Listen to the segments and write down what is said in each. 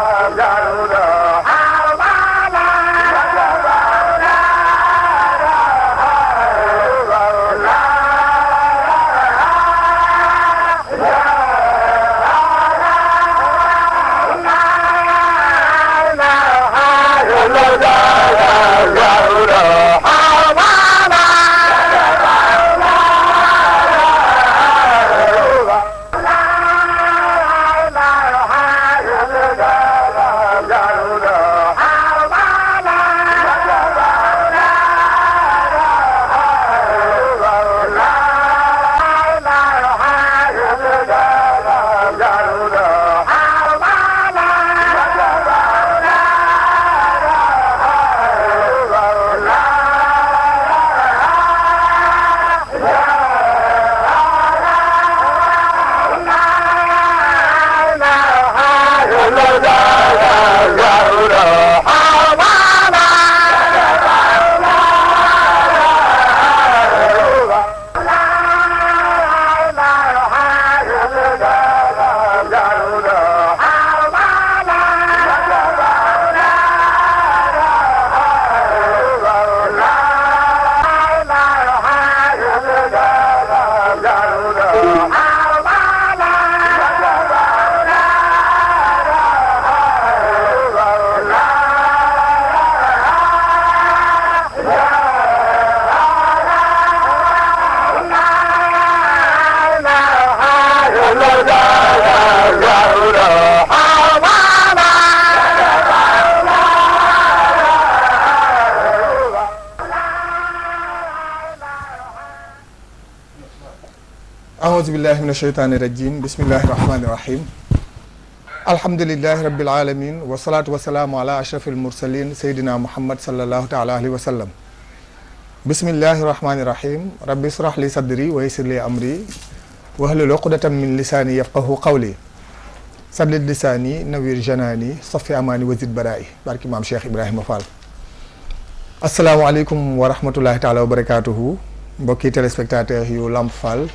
Garuda. من الشيطان الرجيم بسم الله الرحمن الرحيم الحمد لله رب العالمين والصلاة والسلام على أشرف المرسلين سيدنا محمد صلى الله تعالى عليه وسلم بسم الله الرحمن الرحيم رب اشرح لي صدري ويسر لي أمري وهل عقدة من لساني يفقه قولي سدد لساني نوير جناني صفي أماني وزد برائي بارك إمام شيخ إبراهيم فال السلام عليكم ورحمة الله تعالى وبركاته mbokki téléspectateur yu Lamp Fall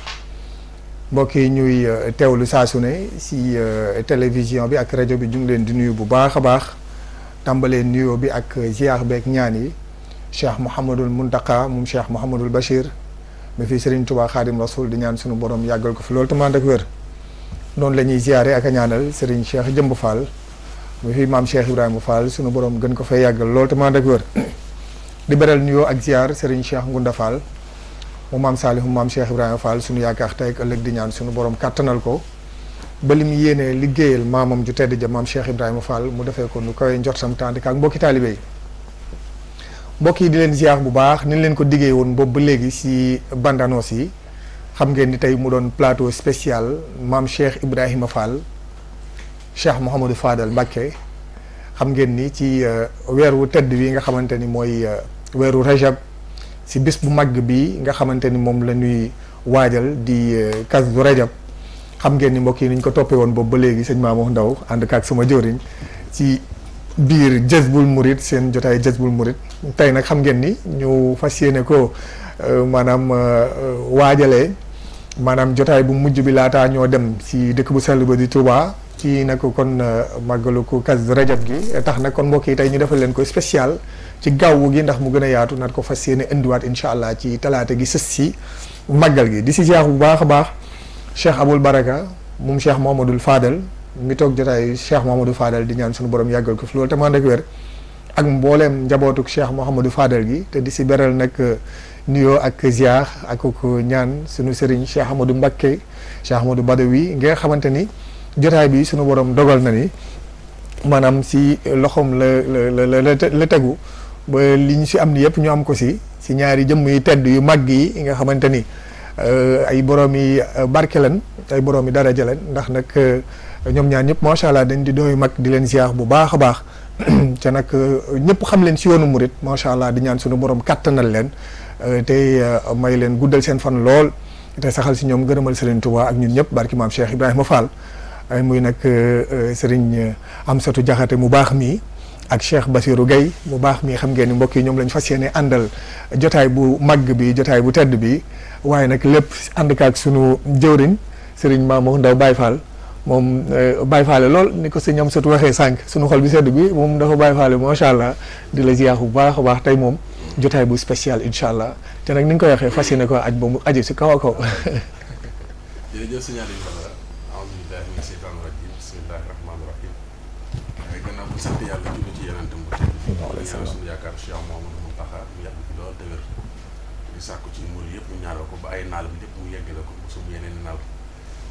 mbokki ñuy euh, tewlu saa ne si euh, télévision bi ak radio bi ñu leen di nuyu bu baax a baax tàmbalee nuyoo bi ak euh, ziar beeg ñaan yi cheikh Mouhamadul Muntaqa moom cheikh Mouhamadul Bachir mi fi Serigne Touba Khadim Rasoul di ñaan sunu borom yàggal ko fi loolu tamit ak wér noonu la ñuy ziare ak a ñaanal Serigne Cheikh Jëmb Fall mi fi maam Cheikh Ibrahima Fall sunu borom gën ko fay yàggal loolu ak wér di beral nuyoo ak ziar Serigne Cheikh Ngunda Fall mu maam saalihu mam cheikh ibrahim fall suñu yaakaar tay ak ëllëg di ñaan suñu borom katanal ko ba lim yene yéenee liggéeyal maamam ju tedd ja mam cheikh ibrahim fall mu defé ko nu kawee njortam tande ak mbokki talibé mbokki di leen ziar bu baax ni leen ko diggé won boobu ba si bande annonce yi xam ngeen ni tay mu doon plateau spécial mam cheikh ibrahim fall cheikh mohammed fadal mbacké xam ngeen ni ci euh, wéru tedd wi nga xamanteni moy euh, wéru rajab si bis bu màgg bi nga xamante ni moom la ñuy waajal di Kazu euh, Rajab xam ngeen ni mbokk yi ni ko toppee woon boobu ba léegi sëñ Mamour ndaw ànd kaak sama jëwriñ ci biir Jazboul murit seen jotaay bul murit tey nag xam ngeen ni ñu fas yéene ko euh, maanaam euh, waajale maanaam jotaay bu mujj bi laataa ñoo dem si dëkk bu sell ba di Touba ci nag kon màggalu ko Kazu Rajab gi tax na kon mbokk yi tey ñu defal leen ko special ci gàwwu gi ndax mu gën a yaatu nat ko fas yéene indiwaat incha allah ci talaata gi sës si màggal gi di si ziar bu baax a baax cheikh abul baraka moom cheikh mohamadul fadal mi toog jotaayu cheikh mohamadul fadal di ñaan suñu borom yàggal ko fi loolu tamaan ak mbooleem njabootuk cheikh mohamadou fadal gi te di si beral nag nuyoo ak ziar ak ko ñaan suñu sëriñ cheikh amadou mbakke cheikh amadou badawi nga xamante ni jotaay bi suñu borom dogal na ni maanaam si loxoom la la la la tegu ba liñ ci am ni yépp ñu am ko ci ci ñaari jëm yi tedd yu maggi yi nga xamanteni euh ay borom yi euh, barké lan ay borom yi jël lan ndax nak euh, ñom ñaan ñëpp machallah dañ di doy mag di leen ziar bu bah baax ci nak ñëpp xam leen ci yoonu murid machallah di ñaan suñu borom katanal leen euh, té may leen guddal seen fan lool té saxal ci ñom gëreumal serigne touba ak ñun ñëpp barki mam cheikh ibrahima fall ay muy nak serigne satu jaxate mu baax mi ak Cheikh Bassirou Gueye mu baax mi xam ngeen ni mbokk yi ñoom lañ fas yéene àndal jotaay bu màgg bi jotaay bu tedd bi waaye nag lépp ànd kaak sunu jëwriñ Serigne Mamour Ndaw Baye Fall moom euh, Baye Fall lool ni ko sëñ Amsatou waxee sànq sunu xol bi sedd bi moom dafa Baye Fall macha allah di la ziyaar bu baax a baax tey moom jotaay bu spécial incha allah te nag ni nga koy waxee fas yéene ko aj ba mu aji si kaw a kaw. salaam suñu yaakaar Cheikh Mouhamadou Mountakha mu yàgg fi lool dëgër di sàkku ci mbir yëpp mu ñaanal ko ba ay naalam lépp mu yeggale ko bu suñu yeneen naal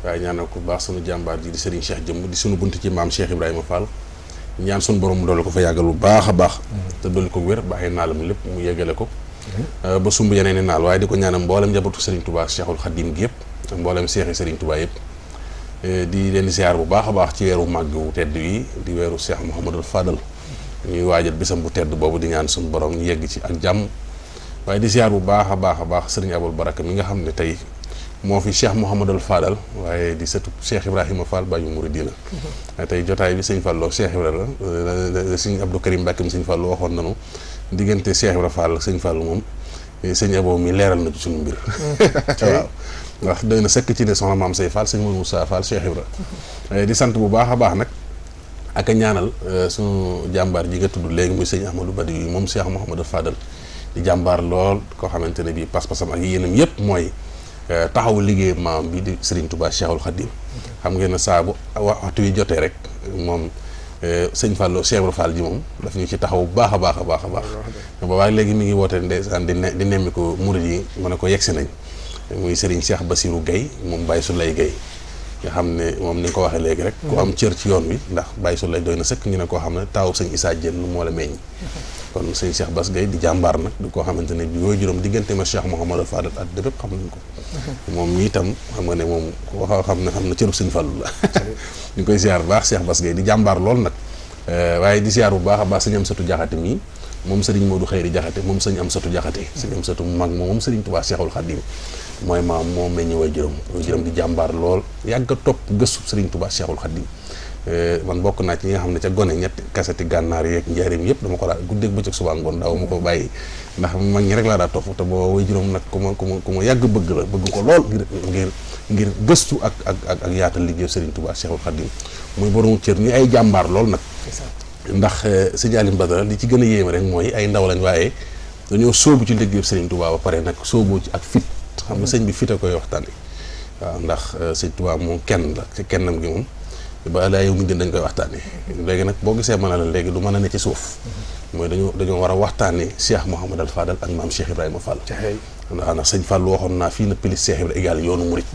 waaye ñaanal ko baax suñu jàmbaar ji di Serigne Cheikh jëmm di suñu bunt ci maam Cheikh Ibrahima Fall ñaan suñu borom mu doole ko fa yàggal bu baax a baax hmm. te doole ko wér ba ay naalam lépp mu yeggale ko hmm. eh, ba sumb yeneen naal waaye di ko ñaanal mboolem njabootu Serigne Touba Cheikhul Khadim gi yëpp mboolem Cheikh Serigne Touba yëpp eh, di leen ziar bu baax baax ci weeru màgg tedd yi di weeru Cheikh Fadal ñuy waajal bisam bu tedd boobu di ñaan suñ borom ñu yegg ci ak jàmm waaye di ziar bu baax a baax a baax sëriñ Abul Baraka mi nga xam ne tey moo fi cheikh Mouhamadul Fadal waaye di sëtu cheikh Ibrahima Fall Baye Mouridina mm-hmm. tey jotaay bi sëñ Fallou cheikh Ibrahima la sëñ Abdou Karim Mbacke sëñ Fallou waxoon nañu diggante cheikh Ibrahima Fall sëñ Fallou moom eh, sëñ Abo mi leeral na ci suñu mm-hmm. na sëkk ci ne soxna maam say Fall sëñ Moussa Fall cheikh Ibrahima. Mm-hmm. Eh, di sant bu baax a baax nag. ak a ñaanal euh, su jàmbaar ji nga tudd léegi muy sëñ Ahmadou Badi yi moom Cheikh Mouhamadou Fadal di jàmbaar lool koo xamante ne bii pas-pasam ak yéenam yëpp mooy euh, taxawu liggéey maam bi di sëriñ Touba Cheikhul Khadim xam ngeen ne saa bu waxtu jotee rek moom euh, sëñ Fallou Cheikh Fall ji moom daf ñu ci taxaw baax a baax a baax a baax boobaa léegi mi ngi wootee ndeysaan di di nemmi ko murid yi mën a ko yegsi nañ muy Serigne Cheikh Basirou Guèye moom Baye Soulaye Guèye nga xam ne moom ni nga ko waxee léegi rek ko am cër ci yoon wi ndax bàyyi su lay doy na sekk ñu ne koo xam ne taw sëñ Issa Diène moo la meññ kon sëñ Cheikh Bass Gueye di jàmbaar nag di koo xamante ne bi yooyu juróom diggante ma Cheikh Mouhamadou Fadal at de bépp ko moom itam xam nga ne moom ko xam ne xam na cërub sëñ Fallou la ñu koy ziar baax Cheikh Bass Gueye di jàmbaar lool nag euh, waaye di ziar bu baax a baax sëñ Amsatou Diakhaté mii mom serigne Modou khairi Jaxate mom serigne am satou Jaxate serigne am satou mag mom serigne touba cheikhoul khadim moy ma mo meññi way jërum jërum di jambar lol yag top topp serigne touba cheikhoul khadim euh man bokk na ci nga xamne ca goné ñet cassette gànnaar yeeg njaarim yëpp dama ko guddé ak bëccëg suba ngon daaw ma ko bàyyi ndax mag ñi rek la da top te bo way jërum nak kuma kuma ku ma bëgg la bëgg ko lol ngir ngir ngir gëstu ak ak ak ak yaatal liggéey sëriñ Tuubaa Seexul Xadim muy borom cër ñi ay jambar lol nak ndax euh, sëñ Alim Badara li ci gën a yéeme rek mooy ay ndaw lañ waaye dañoo sóobu ci liggéeyu sëriñ Touba ba pare nag sóoboo ci ak fit xam nga sëñ bi fit a koy waxtaanee waaw ndax euh, sëñ Touba moom kenn la ci kennam gi moom ba laa yow mi dañ koy waxtaanee léegi nag boo gisee mën a la léegi du mën a ne ci suuf mooy dañoo dañoo war a waxtaanee Cheikh Mouhamed Al Fadal ak maam Cheikh Ibrahima Fall. ndax sëñ Fall waxoon naa fii na pilis Cheikh Ibrahima égal yoonu murit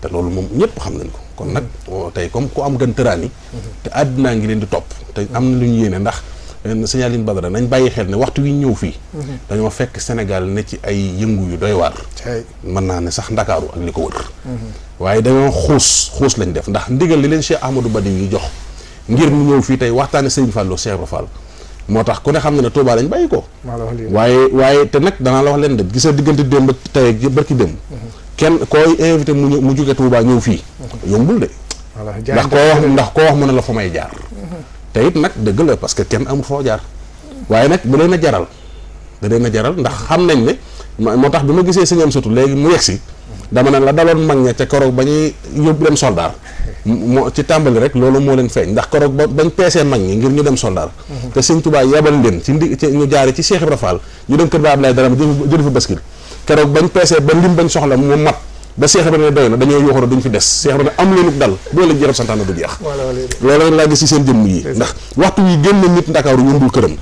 te loolu moom ñëpp xam nañ ko kon nag oh, tey comme ku am gën tëraan yi te àddinaa ngi leen di topp te am na lu ñu yéene ndax eh, Signaline Badara nañ bàyyi xel ne waxtu wi ñëw fii dañoo fekk Sénégal ne ci ay yëngu yu doy waar mën naa ne sax Ndakaaru ak li ko wër mhm. waaye dañoo xuus xuus lañ def ndax ndigal li leen Cheikh Ahmadou Badi yi jox ngir mu ñëw fii tey waxtaane Serigne Fallou Cheikh Ibra Fall moo tax ku ne xam na ne Touba lañ bàyyi ko waaye waaye te nag danaa la wax leen de gisa diggante démb tey barki démb mhm. kenn kooy invité mu mu jóge Touba ñëw fii yombul de ndax koo wax ndax koo wax mu ne la fa may jaar te it nag dëgg la parce que kenn amul foo jaar waaye nag da na jaral da leen a jaral ndax xam nañ ne moo tax bi ma gisee sëñ am surtout léegi mu yegsi dama ne la daloon mag ña ca koroog ba ñuy yóbbu dem soldaar moo ci tàmbali rek loolu moo leen feeñ ndax koroog ba bañ peesee mag ñi ngir ñu dem soldaar mhm. te sëñ Touba yebal leen ci ndi ñu jaare ci Cheikh Ibra ñu dem keroog bañ peesee ba lim bañ soxla mu mat ba Seex Ibra ne doy na dañoo yoxoon duñ fi des Seex Ibra ne am leenuk dal boo leen jërab santaana du jeex loolu laa gis ci seen jëmm yi ndax waxtu wi génn nit Ndakaaru yombul këram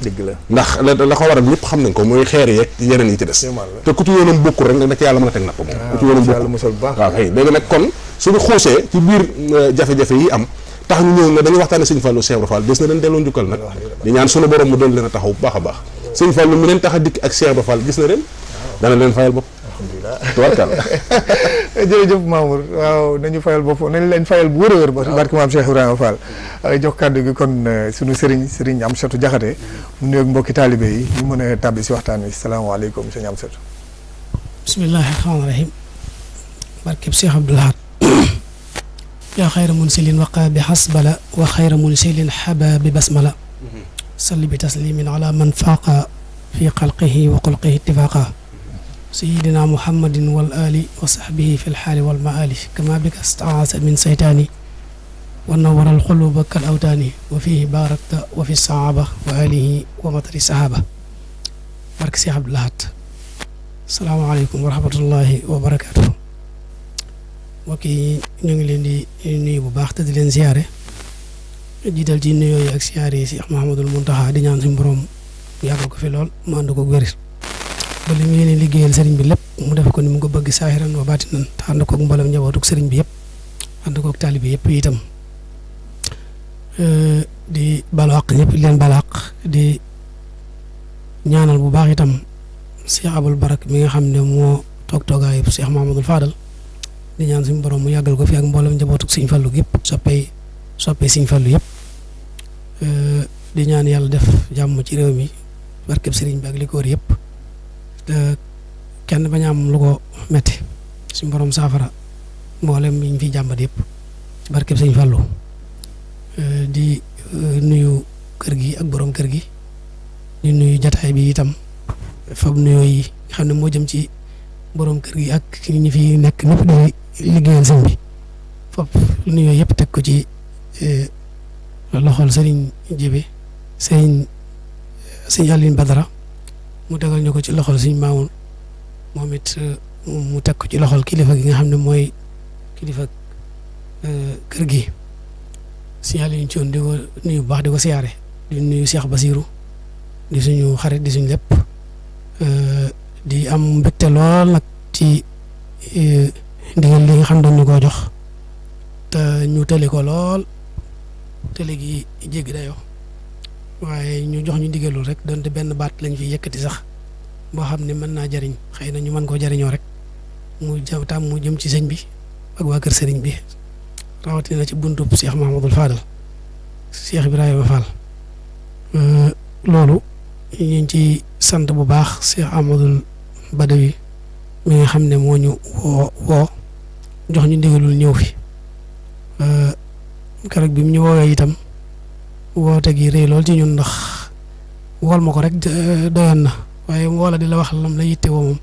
ndax la ko waral ñëpp xam nañ ko mooy xeer yeeg yeneen yi ci des te ku ci yoonam bokkul rek nag da ci yàlla mën a teg napp moom ah, ku ci yoonam bokkul waaw kay léegi nag kon suñu xuusee ci biir euh, jafe-jafe yi am tax ñu ñëw ne dañuy waxtaane sëñ Fallou Seex Ibra Fall des na leen delloo njukkal nag di ñaan sunu borom mu doon leen a taxaw bu baax a baax sëñ Fallou mi leen tax a dikk ak Seex Ibra Fall gis na leen dana leen fayal bopp. alhamdulilah tubarkal jërëjëf Mamour waaw nañu fayal bopp nañu leen fayal bu wër a wër barke maam Cheikh Ibrahima Fall jox kàddu gi kon eh, sunu sëriñ sëriñ Amsatou Diakhaté mu nuyoog mbokki taalibe yi ñu mën a tàbbi si waxtaan wi salaamaaleykum sëriñ Amsatou bismillahi rahmaani rahim barkeb Cheikh Abdoul Ahad yaa xayra munsilin waqa bi xasbala wa xayra munsilin xaba bi basmala mhm. salli bi taslimin ala man faaqa fi xalqihi wa xulqihi ittifaaqa سيدنا محمد والآل وصحبه في الحال والمآل كما بك استعاذ من سيطاني ونور القلوب كالأوتان وفيه باركت وفي الصعابة وآله ومطر الصحابة بارك سي عبد السلام عليكم ورحمة الله وبركاته وكي yi ñu ngi leen di nuyu bu baax te di leen ziare jiital ci nuyoo yi ak ziare yi Cheikh Mahamadul Muntaha di ñaan suñu borom yàggal ba li mu yéene liggéeyal sëriñ bi lepp mu def ko ni mu ko bëgg saahiran wa batinan te ko koog mboolem njabootuk sëriñ bi and ko ak talib yëpp itam euh, di balaq àq ñëpp di leen di ñaanal bu baax itam Cheikh Abul Barak mi nga xamne mo tok toga toogaay Cheikh mamadou Fadal di ñaan suñu borom mu yagal ko fi ak mbolam njabootuk Sëriñ Fallu yëpp soppay soppay Sëriñ Fallu euh di ñaan yalla def jamm ci réew mi barkeb sëriñ bi ak li ko Euh, kenn bañ am lu ko metti suñ borom saafara mboolem mi ñu fiy jàmbat yëpp ci barkeb sëñ Fallou euh, di euh, nuyu kër gi ak borom kër gi di nuyu jataay bi itam fab nuyoo yi xam ne moo jëm ci borom kër gi ak ñi fi nekk ñëpp di liggéeyal sëñ bi fab nuyoo yëpp teg ko ci loxol sëriñ Jibi sëriñ sëriñ Aline Badara mu dagal ñu ko ci loxol suñ maamun moom it euh, mu teg ko ci loxol kilifa gi nga xam ne mooy kilifa euh, kër gi signal yi ñu ci woon di ko nuyu bu baax di ko siyaare di yu Cheikh Basirou di suñu xarit di suñu lépp euh, di am mbégte lool nag ci ndigal li nga xam doon ñu koo jox ñu tëli ko lool tëli gi jéggi dayoo waaye ñu jox ñu ndigalul rek donte benn baat lañ fiy yëkkati sax boo xam ne mën naa jariñ xëy na ñu mën koo jariñoo rek mu jëm tam mu jëm ci sëñ bi ak waa kër sëriñ bi rawatina ci buntub Cheikh Mahamadul Fadal Cheikh Ibrahima Fall euh, loolu ñu ngi ci sant bu baax Cheikh Amadul Badawi mi nga xam ne moo ñu woo woo jox ñu ndigalul ñëw fi euh, keroog bi mu ñu woowee itam woote gi rëy lool ci ñun ndax wool ma ko rek doyoon na waaye woola di la wax la la yitte woo moom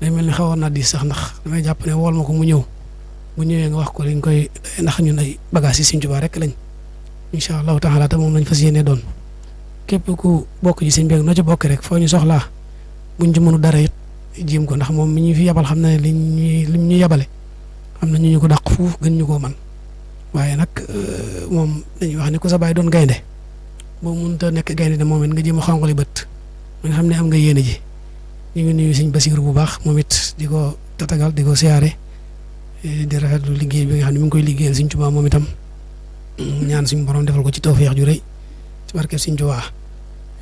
day mel ni xawoon naa di sax ndax damay jàpp ne wool ma ko mu ñëw bu ñëwee nga wax ko liñ koy ndax ñun ay bagages yi Sëriñ Tuubaa rek lañ incha allahu taala te moom lañ fa yéene doon képp ku bokk ci sëñ bi noo ci bokk rek foo ñu soxlaa buñ ci mënu dara it jéem ko ndax moom mi ñu fi yabal xam na ne li ñu li ñu yabale xam na ñu ñu ko dàq fuuf gën ñu koo man waye nak eh, mom dañ wax ni ko sa bay doon gaynde boo mënta nek gaynde de it nga jima a beut bët nga xam am nga yene ji ñu ngi nuyu sëñ basir bu baax momit diko di ko tatagal di ko siyaare eh, di rafetlu liggéey bi nga xamne ne mi ngi koy liggéeyal sëñ Tuubaa momitam mm, ñaan suñu borom defal ko ci tawfiq ju reey ci barke sëñ Tuubaa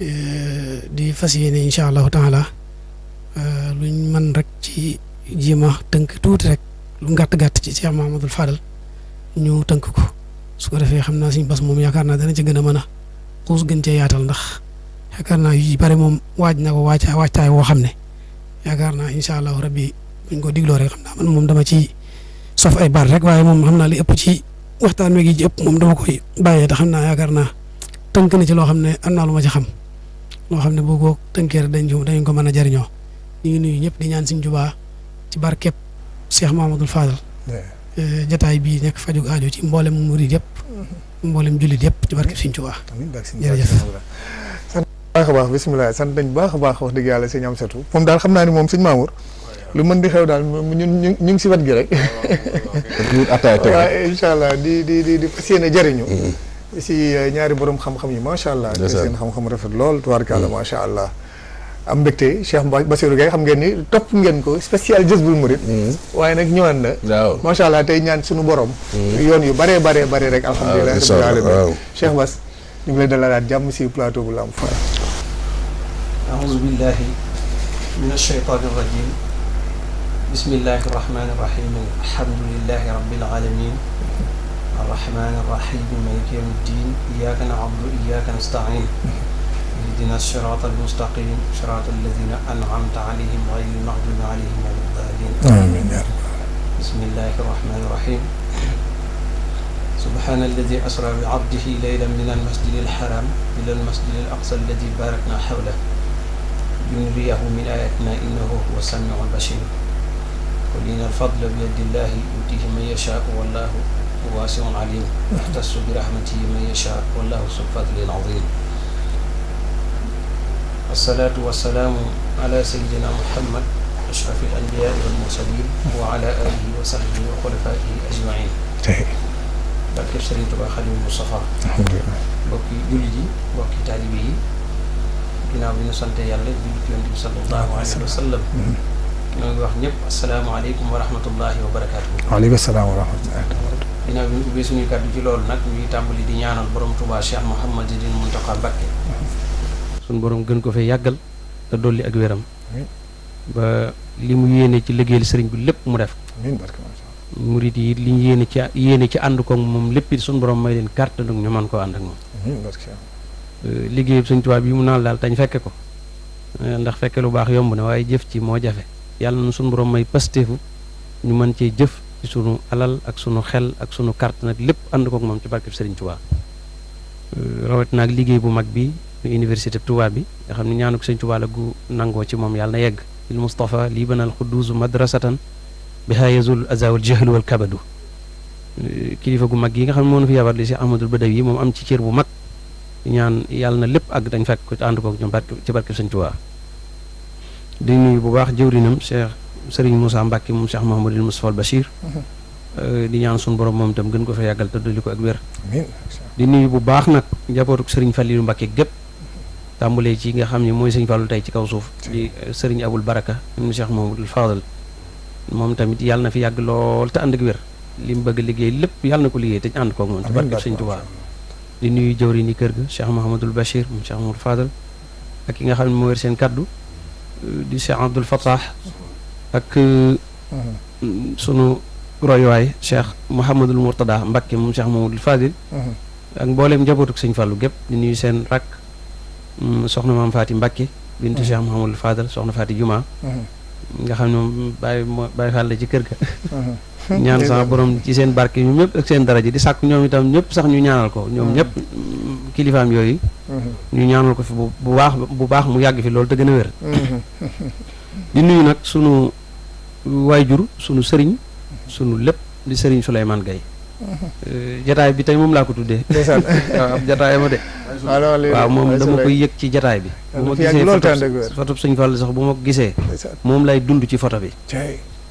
eh, di fasiyene inshallah incha allahu taala luñ man rek ci jima teunk tout rek lu ngatt gatt ci Cheikh mamadou Fadal ñu tënk ko su ko defee xam naa suñ bas moom yaakaar naa dana ci gën a mën a xuus gën cee yaatal ndax yaakaar naa yu bari moom waaj na ko waajtaay waajtaay woo xam ne yaakaar naa incha allahu rabbi buñ ko digloo rek xam naa moom dama ci sof ay baat rek waaye moom xam naa li ëpp ci waxtaan wi gi ëpp moom dama koy bàyyee te xam naa yaakaar naa tënk na ci loo xam ne am naa lu ma ci xam loo xam ne boo ko tënkee rek dañ dañ ko mën a jariñoo ñu ngi nuyu ñëpp di ñaan suñ jubaa ci barkeb Cheikh Mamadou Fadal jotaay eh, bi nek faju aajo ci mbollem mourid yep mbollem julit yep ci barke Sëñ Tuubaa jërëjëf baax a baax bismillah sant nañ baax a baax wax deug yalla seigne am setu fum dal xamna ni mom seigne Mamour lu mën di xew dal ñun ñu ngi ci wat gi rek inshallah di di di di fas jariñu mm-hmm. si eh, ñaari borom xam-xam yi sha allah seen xam-xam rafet lool ma sha allah am mbégte Cheikh Bassirou Gueye xam ngeen ni topp ngeen ko spécial Jazboul Mouride hmm. waaye nag ñëwaat na waaw macha allah tey ñaan suñu borom hmm. yoon yu bare baree baree rek alhamdulilah rabbil alamin Cheikh Bass ñu ngi jàmm si plateau bu Lamp Fall aouzu billahi min ashaytani rajim bismillahi rahmani rahim alhamdulilahi rabbil alamin arrahmani arrahim maliki yawmiddin iyyaka na'budu wa iyyaka nasta'in اهدنا الصراط المستقيم صراط الذين أنعمت عليهم غير المغضوب عليهم ولا الضالين آمين بسم الله الرحمن الرحيم سبحان الذي أسرى بعبده ليلا من المسجد الحرام إلى المسجد الأقصى الذي باركنا حوله لنريه من آياتنا إنه هو السميع البشير ولينا الفضل بيد الله يؤتيه من يشاء والله واسع عليم يختص برحمته من يشاء والله ذو الفضل العظيم الصلاة والسلام على سيدنا محمد أشرف الأنبياء والمرسلين وعلى آله وصحبه وخلفائه أجمعين. بارك الشريط بخليل المصطفى. الحمد لله. بكي جلدي بكي تعليمي. بنا بنا سنتي يلا بنتي عندي صلى الله عليه وسلم. السلام عليكم ورحمة الله وبركاته. عليك السلام ورحمة الله. بنا بيسني كابي جلول نك مي تامبلي دينيان البرم توباشي محمد جدين منتقى بكي. sun borom gën ko fe yàggal te dolli ak wéram ba li mu yéene ci liggéeyal sëriñ bi lépp mu def murid yi li ñu yéene ci yéene ci ànd ko moom lépp it suñu borom may leen carte nag ñu man koo ànd ak moom liggéey suñ tubaab bi mu naan daal tañ fekke ko euh, ndax fekke lu baax yomb na waaye jëf ci moo jafe yàlla na sun borom may pasteefu ñu mën cee jëf ci sunu alal ak sunu xel ak sunu carte nag lépp ànd ko moom ci barkeb sëriñ Tuubaa euh, rawat naag liggéey bu mag bi muy université Touba bi nga xam ne ñaanu ko sëñ Touba la gu nangoo ci moom yàlla na yegg il Moustapha lii banal xudduusu madrasatan biha yazul azawal jahlu wal kabadu kilifa gu mag yi nga xam ne moo nu fi yabar li si Ahmadul Badawi moom am ci cër bu mag ñaan yàlla na lépp àgg dañ fekk ko ànd koog ñoom barke ci barke sëñ di nuyu bu baax jëwrinam Cheikh Serigne Moussa Mbacke moom Cheikh Mouhamadul Moustapha Bachir mhm. euh, di ñaan suñu borom moom itam gën ko fa yàggal te dolli ko ak wér di nuyu bu baax nag njabootu Serigne Fallilou Mbacke gépp tambulé ci nga xamni moy mooy Fallou tay ci kaw souf di eh, sëriñ Abul Baraka mu Cheikh Mamadou fadl mom tamit yalla na fi yag lol ta and ak wer lim mu bëgg liggéey lépp yàlla na ko liggéey te ànd koog moom ci barkeb sëñ touba di nuyu jawri ni kër ga Cheikh al bashir mu Cheikh Mamadou fadl ak ki nga xamni ne moo kaddu eh, di Cheikh Abdoul fatah ak eh, mhm. sunu way Cheikh al murtada Mbacké moom Cheikh Mamadou Fadil mhm. ak mbooleem njabootuk sëñ Fallou gep di nuyu sen rak Mm, soxna am Faati Mbàkke bintu mm. Cheikh Mouhamadul Fadal soxna Faati Juma mm-hmm. nga xam ne moom bàyyi moo bàyyi fàll la ci kër ga mm-hmm. ñaan sama borom ci seen barke ñu ñëpp ak seen daraja di sàkk ñoom itam ñëpp sax ñu ñaanal ko ñoom ñëpp mm-hmm. kilifaam yooyu ñu ñaanal ko fi bu baax bu baax mu yàgg fi loolu te gën a wér di nuyu nag sunu waajur sunu sëriñ sunu lépp di sëriñ Souleymane Gaye Euh, jataay bi tey moom laa ko tuddee. waaw ab jataay ma de. Ah, waaw moom dama koy yëg ci jataay bi. Ah, bu ma gisee photo sëñ sax bu ma ko gisee. moom lay dund ci foto bi.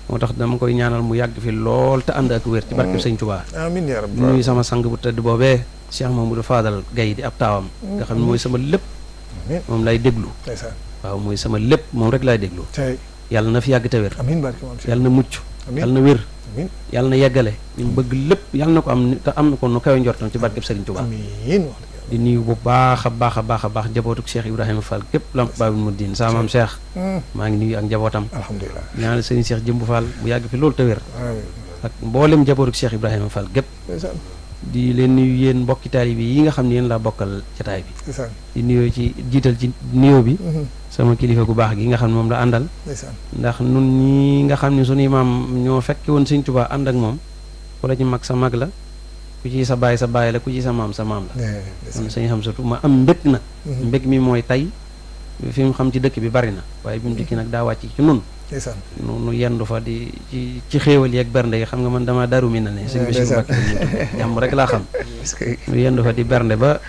moo tax dama koy ñaanal mu yàgg fi lool te ànd ak wér. ci barkeb mm. sëñ Tuubaa. amiin yaa sama sang bu tëdd boobee. Cheikh Mamadou Fadal Gaye di ab taawam. nga xam ne mm. mooy sama lépp. moom lay déglu. waaw mooy sama lépp moom rek laay déglu. yàlla na fi yàgg te wér. yàlla na mucc. yàlla na wér yàlla na yeggale li bëgg lépp yàlla na ko am te am na ko nu kawe njortam ci barkeb Serigne Touba di nuyu bu baax a baax a baax a baax njabootuk Cheikh Ibrahima Fall képp lamp baabul muddin saa maam Cheikh hmm. maa ngi nuyu ak njabootam alhamdulilah ñaanal Serigne Cheikh Jëmbu Fall bu yàgg fi loolu te wér ak mboolem njabootuk Cheikh Ibrahima Fall gépp di leen nuyu yéen mbokki taalibe yi nga xam ne yéen laa bokkal jataay bi di nuyoo ci jiital ci nuyoo bi hmm. sama kilifa gu bax gi nga xam mom moom la àndal ndax nun ñi nga xam ne imam maam ñoo fekke won seigne touba and ak mom wala ci mag sa mag la ku ci sa baye sa baye la ku ci sa mam sa mam la eh, kon seigne xam surtout ma am mbek na mhm. mbek mi moy tay fi mu xam ci dekk bi bari na waye bimu dikki nak da wacc ci nun nu yendu fa di ci ci xéewal yi ak bernde yi xam nga man dama daru mi na ne sëñ bi eh, rek la xam nu yendu fa di bernde ba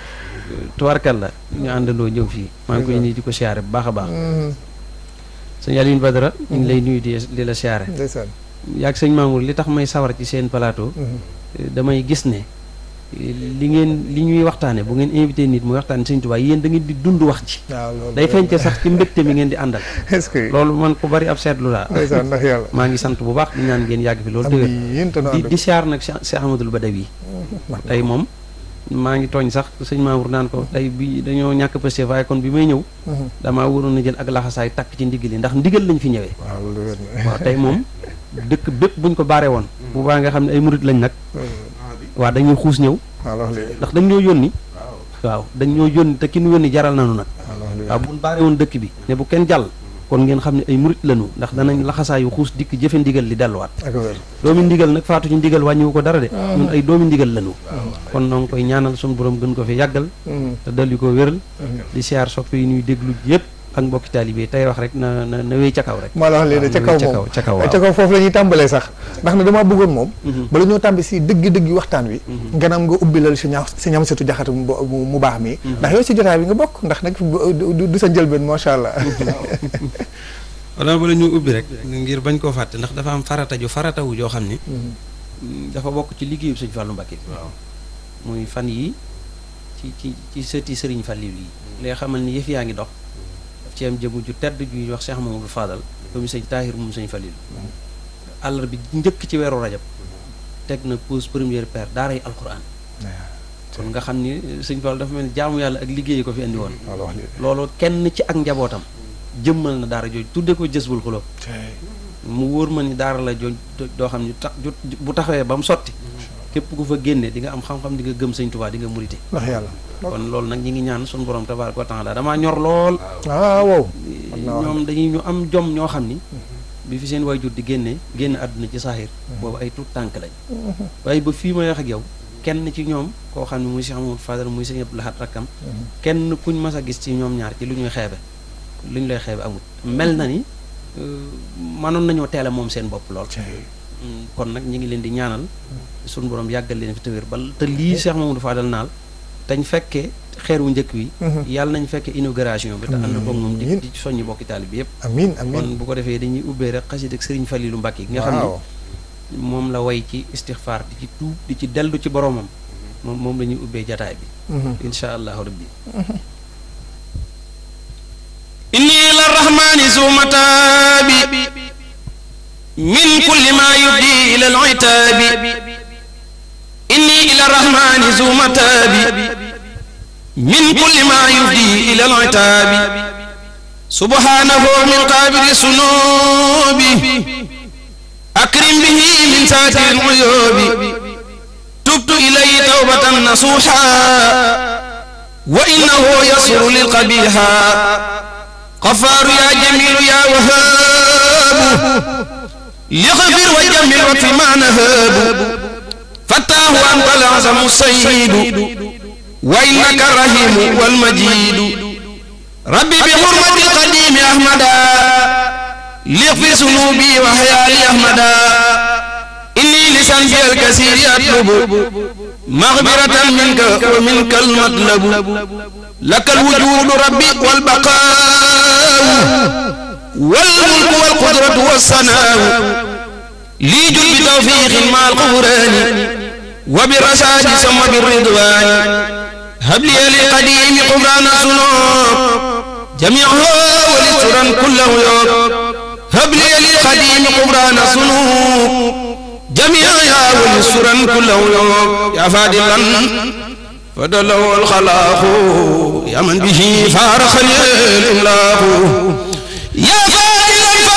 tuwarkal la ñu andalo ñëw fi ma ngi koy ñi diko ko siyaare bu baax a baax mm-hmm. sëñ Alioune ñu lay mm-hmm. nuyu di di la siyaare yaag sëñ Mamour li tax may sawar ci seen plateau mm-hmm. damay gis ne li ngeen li ñuy waxtaane bu ngeen invité nit mu waxtaane sëñ touba yeen da ngeen di dund wax ci day feeñte sax ci mbégte mi ngeen di andal loolu man ku bari ab seetlu laa ndax yàlla maa ngi sant bu baax di ñaan ngeen yag fi loolu di di nak Cheikh amadou Badawi tay mom maa ngi tooñ sax sëñ Mamour naan ko day bi dañoo ñàkk pëste waaye kon bi may ñëw mhm. damaa waroon a jël ak laxasaay takk ci ndigal yi ndax ndigal lañ fi ñëwee waaw tey moom dëkk bépp buñ ko baare woon mhm. bu baa nga xam ne ay murit lañ nag mhm. waaw dañuy xuus ñëw ndax dañ ñoo yónni waaw dañ ñoo yónni te ki ñu yónni jaral nañu nag waaw buñ baare woon dëkk bi ne bu kenn jàll kon ngeen xam ne ay murit lañu ndax danañ laxasaayu xuus dikk jëfe ndigal li delluwaat doomi ndigal nag faatu ci ndigal wàññiwu ko dara de ah. ñun ay doomi ndigal lañu ah. kon noo ngi koy ñaanal suñu boroom gën ko fi yàggal hmm. te dal yu ko wéral di siyaar sopp yi ñuy déglu yépp ak mbokki taalibe tey wax rek na na na wéy ca kaw rek moo la wax léegi ca kaw moom ca kaw ca kaw foofu la tàmbalee sax ndax na damaa bëggoon moom mhm. bala ñoo tàmbi si dëgg-dëgg waxtaan wi ganaam mhm. nga ubbilal si ña si ñam setu jaxatu mu baax mii mhm. ndax yow si jotaay bi nga bokk ndax nag du sa njëlbeen macha allah wala bala ñu ubbi rek ngir bañ koo fàtte ndax dafa am farata ju faratawu joo xam ni dafa bokk ci liggéeyu sëñ Fallou Mbacké waaw muy fan yi ci ci ci sëriñ Fallou yi lay xamal ni yëf yaa ngi dox ci am jëmm ju tedd juy wax Cheikh Mamadou Fadal doomu sëñ Tahir moom sëñ Falil àllar bi njëkk ci weeru rajab teg na pause première paire yi alquran kon nga xam ni sëñ Fall dafa mel ni jaamu yàlla ak liggéey ko fi indi woon mm. loolu kenn ci ak njabootam jëmmal na daara jooju tudde ko jës bul xulóob mu wóor ma ni daara la jooj doo xam ni tax bu taxawee ba mu sotti mm. képp ku fa génne di nga am xam-xam di nga gëm sëñ Tuubaa di nga murite wax yàlla kon loolu nag ñi ngi ñaan suñu borom tabaaraka wa taala damaa ñor lool ah eh, ñoom dañuy ñu am jom ñoo xam ni mhm. bi fi seen jur di génne génn àdduna ci saaxir mhm. boobu ay tuut tànk lañ mhm. waaye ba fii may wax ak yow kenn ci ñoom koo xam ne muy Cheikh Amadou Fadal muy sëñ Abdou Lahad rakkam kenn kuñ mas a gis ci ñoom ñaar ci lu ñuy xeebe lu ñu lay xeebe amul mel na ni euh, manoon nañoo teel a moom seen bopp lool kon nag ñu ngi leen di ñaanal suñu borom yàggal leen fi te wér bal te lii Cheikh Mamadou Fadal naal dañ fekkee xeer wu njëkk wi mhm. yàlla nañ fekkee inauguration bi te ànd koog moom di di soññi bokki taalib bi yëpp amiin amiin kon bu ko defee la way ci istixfaar di ci tuub di ci dellu ci boromam moom moom la ñuy ubbee jataay bi mhm. insha allahu rabbi mhm. inni ila rahmani sumataabi من كل ما يبدي إلى العتاب إني إلى الرحمن ذو متاب من كل ما يفدي إلى العتاب سبحانه من قابل سنوب أكرم به من ساتر العيوب تبت إليه توبة نصوحا وإنه يسر للقبيحا غفار يا جميل يا وهاب يغفر ويجمل وفي معنى هاب فتاه أنت العزم السيد وإنك الرحيم والمجيد ربي بحرمة القديم أحمدا لغفر ذنوبي وحيالي أحمدا إني لسان في الكثير أطلب مغفرة منك ومنك المطلب لك الوجود ربي والبقاء والملك والقدرة والصناع لي جل بتوفيق مع القرآن وبرشاد ثم بالرضوان هب لي القديم قبران الذنوب جميعها ولسرا كله يوم هب لي القديم قبران الذنوب جميعها ولسرا كله يوم يا فاضلا فدله الخلاق يا من به فارخ الاملاق يا فائزا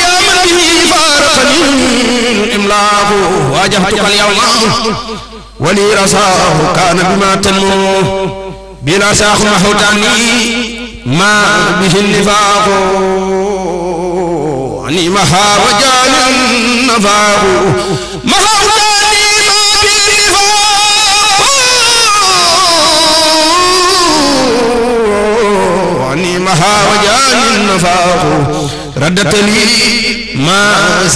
يا من فارقني واجهتك اليوم ولي رساه كان بما تنمو بلا ساخ محوتاني ما به النفاق اني مها وجال النفاق مها وجال maha wajanin nafaaxu raddatali ma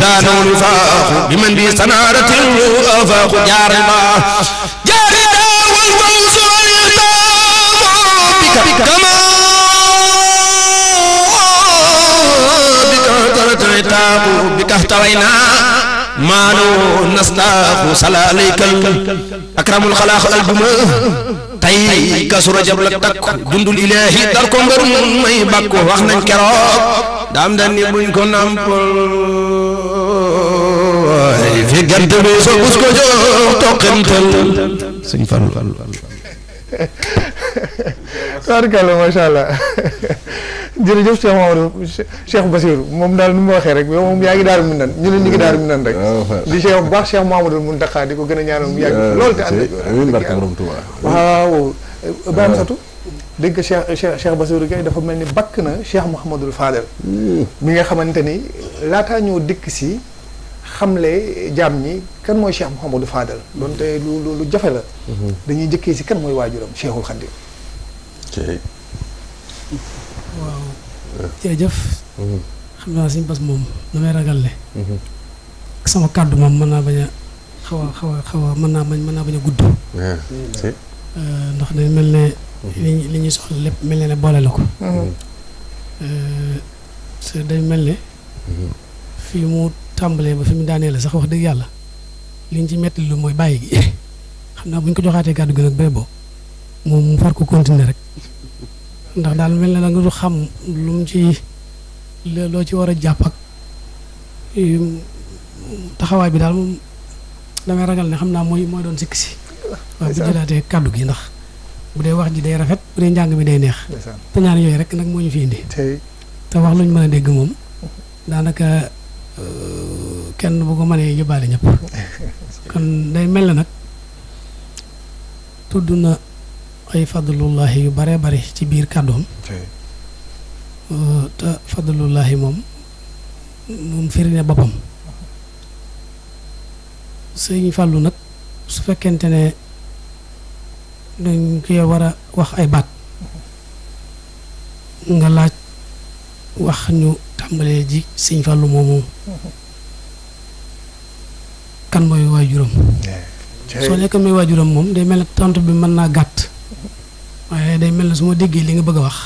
saanaw nifaaxu bi man di sanaaratin lu afaaxu jaari baa jaari daawal fawsu wal irtaamu bika kama bika taratitaamu bika tawaynaa maanaam nastaaxu salaa alaykal akramul xalaax aljuma tey kasu rajab la takk dundul ilaahi dar ko ngër may bàkku wax nañ keroog daam dañ ni buñ ko nampal fi gerte bi soo bus ko jox toqental suñ fan tarkala macha allah jërëjëf Cheikh Mamadou Cheikh Basirou moom daal nu mu waxee rek yow moom yaa ngi daal mun nan ñu ne ñu ngi daal mun nan rek ah, di Cheikh bu baax Cheikh Mamadou di ko gën a ñaanal mu yàgg loolu te ànd ah, waaw Ibrahima Satou dégg nga Cheikh Cheikh dafa mel ni bakk na Cheikh Mouhamadul Fadel hmm. mi nga xamante ni laataa ñoo dëkk si xamle jaam ñi kan mooy Cheikh Mouhamadou Fadel donte lu lu jafe la hmm. dañuy njëkkee si kan mooy waajuram Cheikhul Khadim waaw ah. jërëjëf. Mm-hmm. xam naa suñu bas moom damay ragal le mm-hmm. sama kàddu moom mën naa bañ a xaw a xaw a mën naa bañ mën naa bañ a gudd. Ah, euh, ndax day mel ne. Mm-hmm. li li ñuy soxla lépp mel ne ne boole la ko. Euh, te day mel ne. fi mu tàmbalee ba fi mu daanee la sax wax dëgg yàlla liñ ci metti lu mooy bàyyi gi xam naa bu ñu ko joxaatee kàddu gi nag bee boo moom mu far ko continuer rek. ndax daal mel na da nga du xam lu mu ci loo ci war a jàpp ak taxawaay bi daal moom damay ragal ne xam naa mooy mooy doon sikkisi si bu jëlaatee kàddu gi ndax bu dee wax ji day rafet bu dee njàng mi day neex te ñaan yooyu rek nag moo ñu fi indi te wax lu ñu mën a dégg moom daanaka euh, kenn bu ko mënee yóbbaale ñëpp kon day mel na nag tudd na ay fadlullah yu bare bare ci biir kàddoom ta eh, fadlullah mom mom firine bopam boppam fallu nak su fekente ne dañ ko wara wax ay baat nga laaj wax ñu tambale ji fallu mom kan moy wajuram so nek moy wajuram mom day mel tante bi man na gatt waaye day mel na suma ma déggee li nga bëgg a wax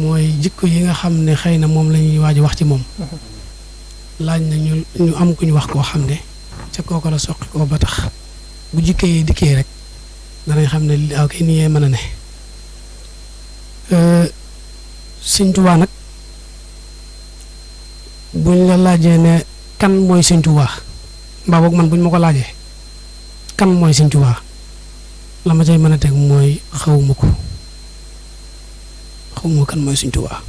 mooy jikko yi nga xam ne xëy na moom la ñuy waaj wax ci moom laaj na ñu am ku ñu wax koo xam ne ca kooku la soqi koo ba tax bu jikko yi dikkee rek danañ xam ne li ak nii mën a ne euh, Sëñ Tuubaa nag buñ la laajee ne kan mooy Sëñ Tuubaa mbaa boog man buñ ma ko laajee kan mooy Sëñ Tuubaa la ma cay mën a teg mooy xawma ko xawma kan mooy Sëñ Tuubaa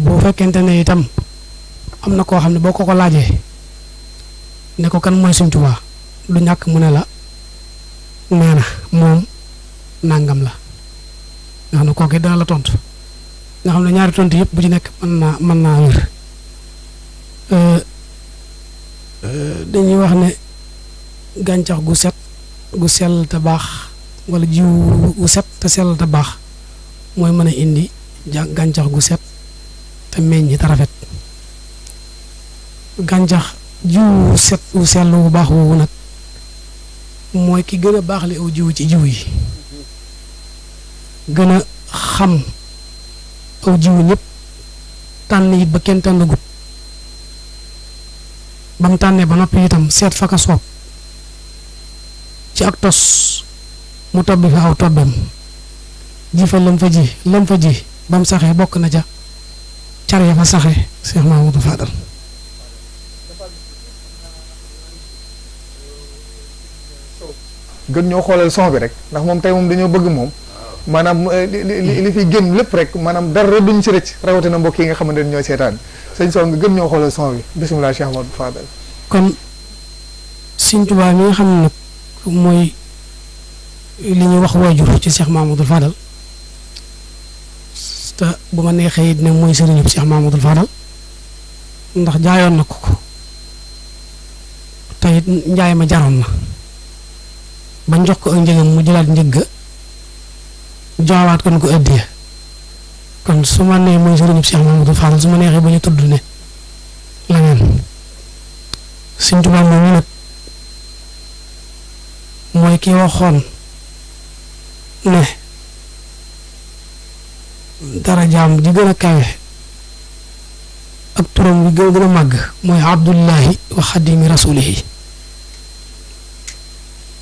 boo fekkente ne itam am na koo xam ne boo ko ko laajee ne ko kan mooy Sëñ Tuubaa lu ñàkk mu ne la nee na moom nàngam la nga xam ne kooku dana la tontu nga xam ne ñaari tontu yëpp bu ci nekk mën naa mën naa wér dañuy wax ne gàncax gu set gu sell te baax wala jiw wu set te sell te baax mooy mën a indi ja gàncax gu set te meññ te rafet gàncax jiw set wu sell wu baax woowu nag mooy ki gën a baax li aw jiw ci jiw yi gën a xam aw jiwu ñëpp tànn it ba kenn tànn gut ba mu tànnee ba noppi itam seet fa ka ci ak tos mu tobbi fa aw tobbam lam fa ji lam fa ji bam saxé bok na ja charia ya fa saxé Cheikh mahamoudou Fadal gën ñoo xolal son bi rek ndax mom tay mom dañoo bëgg mom manam eh, li fi génn lepp rek manam dara duñ ci rawati na mbokk yi nga xamanteni ne ñooy señ ñoo xolal son bi bismillah Cheikh Fadal kon señ tuba mi nga mooy li ñuy wax waajur ci Cheikh Mahmoudou Fadal te bu ma neexee it ne mooy sëriñub Cheikh Mahmoudou Fadal ndax jaayoon na ko ko te njaay ma jaroon na ba jox ko ak njëgam mu jëlaat njëgg jaawaat ko nu ko ëddiya kon su ma nee mooy sëriñub su ma neexee ba ñu tudd ne leneen Sëriñ Tuubaa moom nag mooy ki waxoon ne dara jaam ji gën a kawe ak turam bi gën gën a màgg mooy abdullahi wa xadimi rasulihi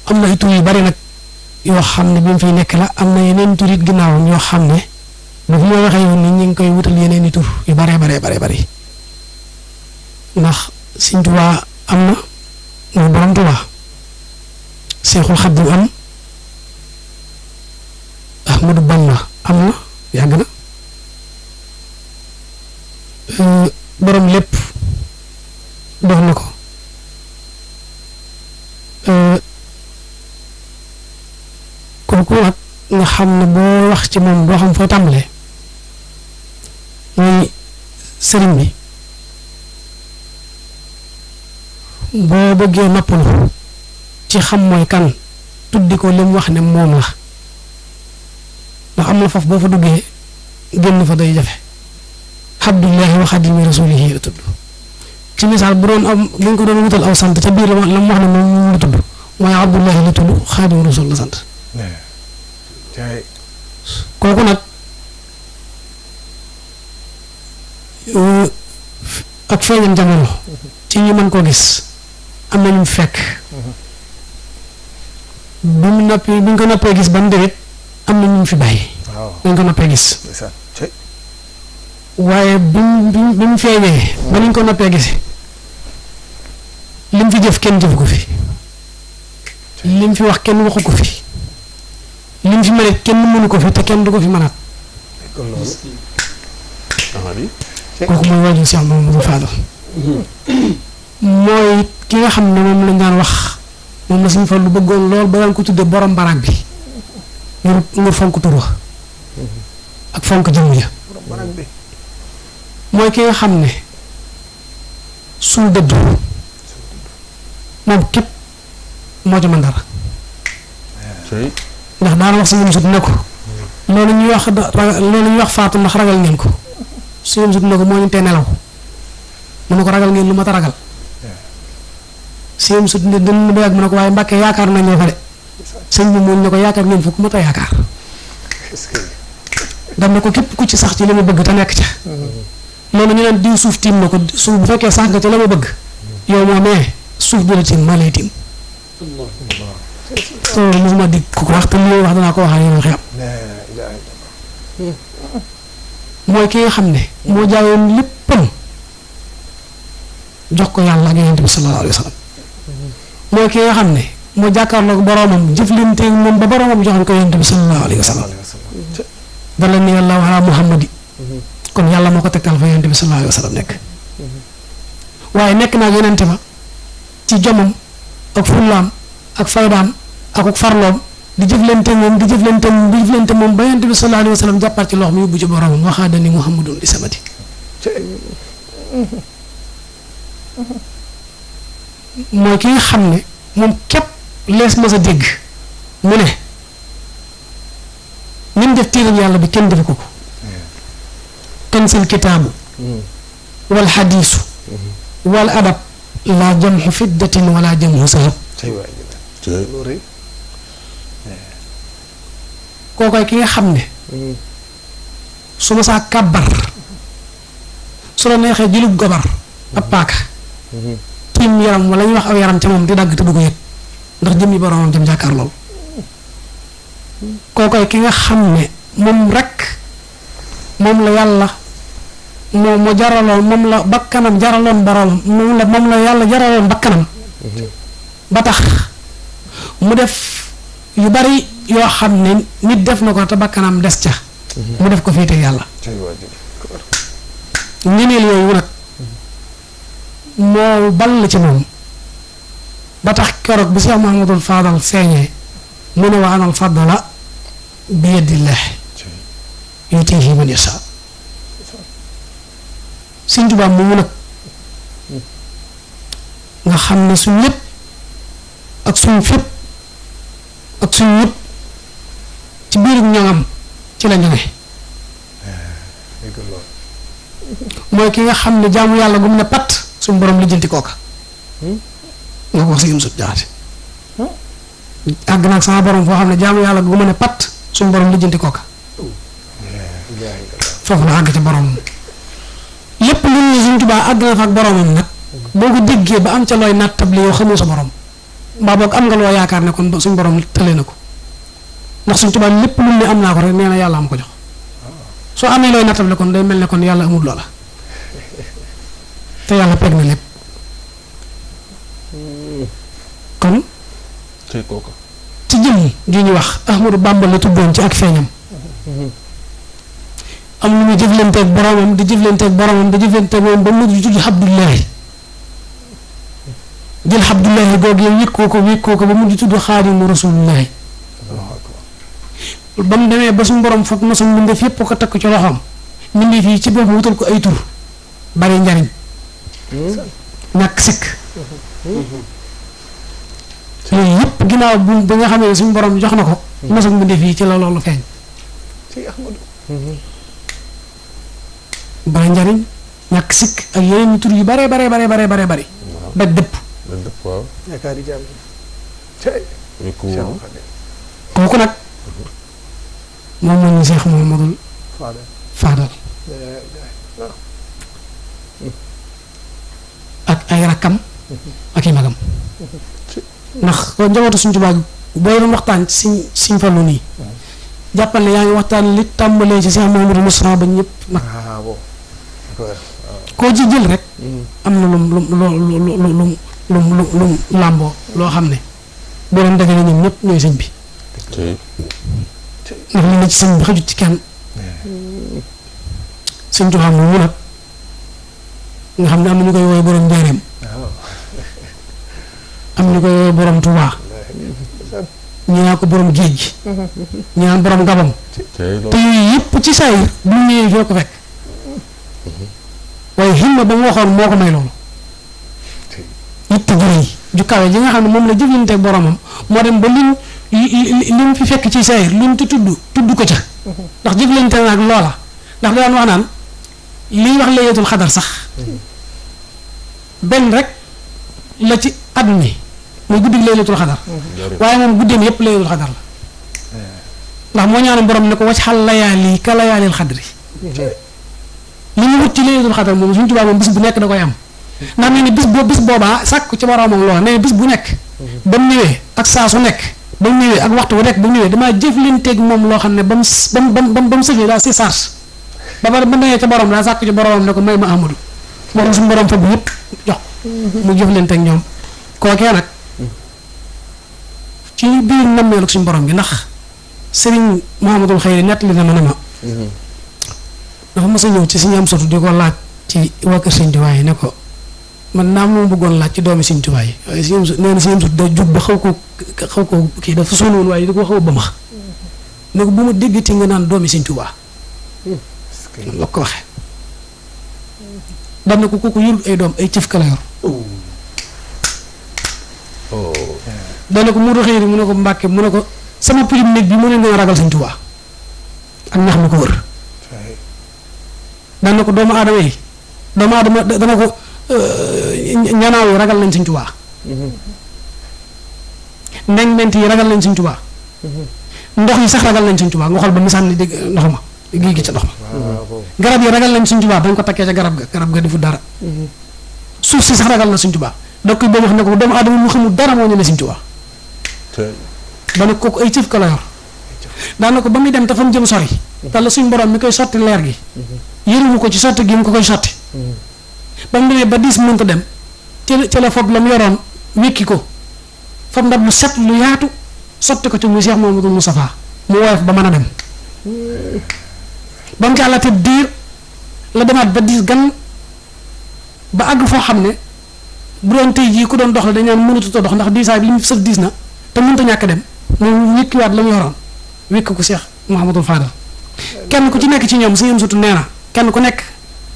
am na tur yu bari nag yoo xam ne bi mu fiy nekk la am na yeneen tur it ginnaawam yoo xam ne bu fi ma waxee yoon ni ñu ngi koy wutal yeneen i yu baree baree baree bari ndax Sëñ Tuubaa am na muy borom Tuubaa Seexul Xaddim am Ahmadu Bamba am na yàgg na borom lépp dox na ko kooku nag nga xam ne boo wax ci moom doo xam foo tàmbalee muy sëriñ bi boo bëggee noppalu ci xam mooy kan tuddi ko li mu wax ne moom la ndax am na foofu boo fa duggee génn fa day jafe abdullahi wa xadimi rasulihi la tudd ci misaal bu doon am li nga ko doon wutal aw sant ca biir la wax ne moom la tudd mooy abdullahi la tudd xaadimu rasul sant kooku nag ak feeñam jamono ci ñu mën koo gis am na ñu fekk mm-hmm. bi mu noppi bi ñu ko noppee gis ba mu déwét am na ñu mu fi bàyyi. waaw dañ ko noppee gis. waaye bi mu bi mu bi mu feeñee. ba ñu ko noppee gis li mu fi jëf kenn jëf ko fi. li mu fi wax kenn waxu ko fi. li mu fi mënee kenn mënu ko fi te kenn du ko fi mënaat. kooku mooy waajur Cheikh Mamadou Fadal. Mm-hmm. mooy ki nga xam ne moom lañ daan wax. mom la seigne fallu beggol lol ba daan ko tuddee borom barak bi ngir ngir fonk turu ak fonk jëmm ja ya. moy ki nga xamne ne suñ dëdd moom képp moo ci mën dara ndax daana wax seigne sut nako lolou ñu wax lolou ñu wax fatou ndax ragal ngeen ko seigne sut nako mo ñu tee nelaw mu ne ko ragal ngeen lu ma ta ragal siem sut ne dënn ba yàgg mu ne ko waaye Mbàkke yaakaar nañ la fa de sëñ bi moom ne ko yaakaar ngeen fukk ma ta yaakaar dam na ko képp ku ci sax ci li ma bëgg te nekk ca loolu ñu naan diw suuf tiim na ko suuf bu fekkee sax nga ci la ma bëgg yow moo nee suuf du la tiim maa lay tiim loolu mosuma dégg ku ko wax te li wax danaa ko waxal yow xiyam mooy ki nga xam ne moo jaayoon léppam jox ko yàlla ak yonent bi sallallahu alayhi wa sallam mooy ki nga xam ne mu jàkkaarloog boroomam jëflanteeg moom ba boroomam joxoon ko yonent bi sallallahu alayhi wa sallam dala ni allahu ala muhammadi kon yàlla moo ko tegtal fa yonent bi sallallahu alayhi wa sallam waaye nekk naa yonent ba ci jomam ak fullaam ak faydaam ak ak farloom di jëflante moom di jëflante moom moom ba yonent bi sallallahu alayhi wa sallam jàppaat ci loxo mi yóbbu ci boroomam waxaa dani muhammadun mooy ki nga xam ne moom képp lees ma sa dégg mu ne ni def téeram yàlla bi kenn defe ko ko kansil kitaabu mm. wal xadiisu mm-hmm. wal adab laa jamxu fiddatin wala jamxu sahab kookoy ki nga xam ne mm. su ma saa kàbbar su la neexee jëlub gobar ab paaka mm-hmm. tiim yaram wala ñu wax aw yaram ci moom di dagg te du ko yëg ndax jëmmi boromam jëm jàkkaar lool kookoy ki nga xam ne rek moom la yàlla mo mo jaraloon moom la bakkanam jaraloon borom moom la moom la yàlla jaraloon bakkanam ba tax mu def yu bari yoo xam ne nit def na ko bakkanam des ca mhm. mu def ko féete yàlla ngeneel yooyu nag moo la ci moom ba tax keroog bi cheikh mahamadul fadal seeñee mu ne wa anal fadala bi yadillah yutihi man yasa sëñ tubaab moomu nag nga xam ne suñ lépp ak suñ fépp ak suñ yëpp ci biir ñoŋam ci la ne eh, mooy ki nga xam ne jaamu yàlla gum ne pat suñu borom lijjanti kooka. Hmm? nga ko wax si Youssouf Diaté. Hmm? àgg naag sama borom foo xam ne jaamu yàlla gu ma ne pat suñu borom lijjanti kooka. Hmm. foofu la àgg ci borom lépp lu ñu ne suñ tubaa àgg na fa ak am ca looy naat table sa borom. mbaa boog am nga loo yaakaar ne kon suñu borom tële na ko ndax suñ tubaa lépp lu ne am naa ko rek nee na yàlla am ko jox ah. soo amee looy naat table kon day mel ne kon yàlla amul loola. te yàlla peg na lépp kon. tey kooka. ci jëm ju ñu wax Ahmadou Bamba la tuddoon ci ak feeñam. am lu muy jëflanteeg boromam di jëflanteeg boromam di jëflanteeg moom ba mujj tudd Abdullahi jël Abdullahi googu yow yëkkoo ko wékkoo ko ba mujj tudd Xaadimu Rasulullahi ba mu demee ba suñu borom foog mosam mu def yëpp ko takk ci loxoom. mbindeef yi ci boppam wutal ko ay tur bari njariñ ñàkk sikk loolu yëpp ginnaaw bu bi nga xamee suñu borom jox na ko mosag mu def fii ci la loolu feeñ baa njariñ ñàkk sikk ak yeneen tur yu bare bare bare bare bare bare daj dëpp kooku nag moom moo ñu seex Muhammadul Faadal ak ay rakkam ak i magam ndax kon njabootu suñ tubaab boo doon waxtaan ci siñ siñ fallu nii jàppal ne yaa ngi waxtaan li tàmbalee ci Cheikh Mamadou Moussa ba ñëpp nag koo ci jël rek mm. am na lum lum loo xam ne boo leen dajale ñoom ñëpp bi ndax ci sëñ bi xajut ci kenn sëñ tubaab nga xam ne am na ñu koy woowee borom njaareem am ñu koy woowee borom tuba ñaa ko borom géej ñaa borom gabam te yooyu yépp ci say yi bu ñëwee foo ko fekk waaye himma ba mu waxoon moo ko may loolu yitte ju rëy ju kawe ji nga xam ne moom la jëflante boromam moo dem ba lim lim fi fekk ci say lim ti tudd tudd ko ca ndax jëflante naag loola ndax daan wax naan li ñu wax laylatul xadar sax benn rek la ci at mi mooy guddi laylatul xadar waaye moom guddeem yëpp laylatul xadar la ndax moo ñaanoon borom ne ko wacc xal layaali ka layaalil xadri li mu wut ci laylatul xadar moom suñu tubaab moom bis bu nekk da koy am ndax nee ni bis boo bis boobaa sàkk ci boroomam loola nee bis bu nekk ba mu ñëwee ak saa su nekk ba mu ak waxtu wu nekk ba mu ñëwee damaa jëflanteeg moom loo xam ne ba mu ba mu ba mu sëfee daal si ba pare bu newee ko may ma Amadou borom suñu borom fa bu yëpp jox mu jëflante ak ñoom kookee nag ci biir nammeel ak suñu borom gi ndax Serigne Mouhamadou Khayri nettali na ma ne ma dafa mos a ñëw ci suñu am sotu di ko laaj ci waa kër Sëñ yi ne ko man naa moom bëggoon laaj ci doomi Sëñ Tuubaa yi waaye suñu am sotu nee suñu am sotu day jug ba xaw ko xaw ko kii dafa sonn woon waaye di ko xaw ba max ne ko bu ma déggati nga naan doomi Sëñ Tuubaa lo ko waxe hmm. dan ko kuku yul ay eh, dom ay eh, cief kala yor oh. oh dan ko mu roxeer mu nako mbacke mu nako sama prime nek bi mu ne nga ragal señ tuba ak nax mi ko wër dan ko doomu adamé doomu adama dama ko eh, ñanaaw ragal nañ señ tuba mm-hmm. ndeng menti ragal nañ señ tuba mm-hmm. ndox yi sax ragal nañ señ tuba nga xol ba misal ni deg ndoxuma gi gi ci dox garab yi ya, ragal lañ suñ tuba bañ ko takké ci garab ga garab ga defu dara suuf ci sax ragal na suñ tuba dokk ba wax nako ko adam mu xamul dara mo ñu ne suñ tuba ba ne kooku ay cëf ka la yor daanaka ba muy dem dafa jëm sori ta la suñu borom mi koy soti leer gi mu ko ci soti gi mu ko koy soti ba mu demee ba diis mënta dem ci ci la fop lam yoron wékki ko fop ndab lu set lu yaatu soti ko ci mu cheikh mamadou mustafa mu woyof ba mëna dem ba mu jàllate diir la demaat ba diis gan ba àgg foo xam ne bu doon tey jii ku doon dox la dañu naan mënatut dox ndax diisaay bi li mu sëf diis na te mënut a ñàkk dem mu wékkiwaat la yoroon wékk ko Cheikh Mouhamadou Fadal kenn ku ci nekk ci ñoom sëñ sutu nee na kenn ku nekk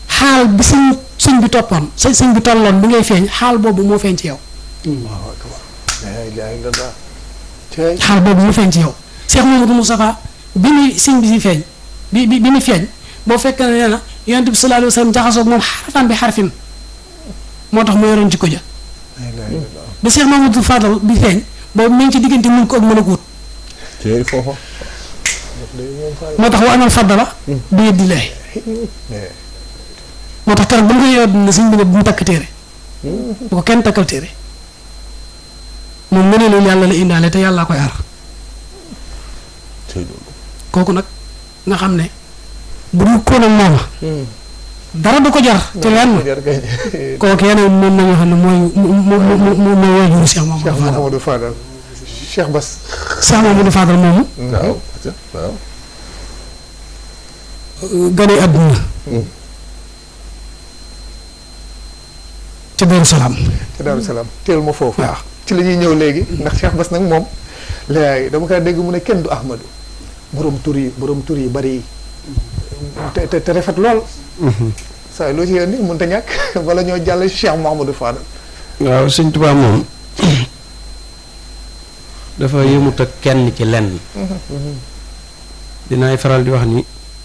xaal bi sëñ sëñ bi toppoon sëñ sëñ bi tolloon bi ngay feeñ xaal boobu moo feeñ ci yow. xaal boobu mu feeñ ci yow. Cheikh mu Moustapha bi muy sëñ bi si feeñ. bi bi bi mu feeñ boo fekkee ne nee na yonent bi sallallahu alayhi wa sallam jaxasoog moom xarfaan bi xarfin moo tax mu yoroon ci ja bi Cheikh Mamadou Fadal bi feeñ boobu mi ngi ci diggante mun ko mën a moo tax wa tax keroog ba mu ko yeewee dina bu mu takk téere bu ko kenn takkal téere moom mëneelu yàlla la indaale te yàllaa koy aar kooku nag nga xam ne bu ñu ko nag mooma hmm. dara du ko jar ci hmm. lenn kooku yéen moom la ñu xam ne mooy mooy waajuru Cheikh Mamadou Fadal Cheikh Bass Cheikh Mamadou Fadal moomu waaw waaw gane aduna hmm. ci daru salam ci daru salam teel ma fofu ci lañuy ñew legi ndax cheikh bass nak mom lay dama ka deg mu ne kenn du ahmadou borom turi yi borom tour yi bari te te te rafet lool mhm. saa loo ci indi mën ta ñak wala ñoo jall cheikh mahamadou fadal waaw seigne touba mom dafa yëmut tak kenn ci lenn mhm. dinaay faral di wax ni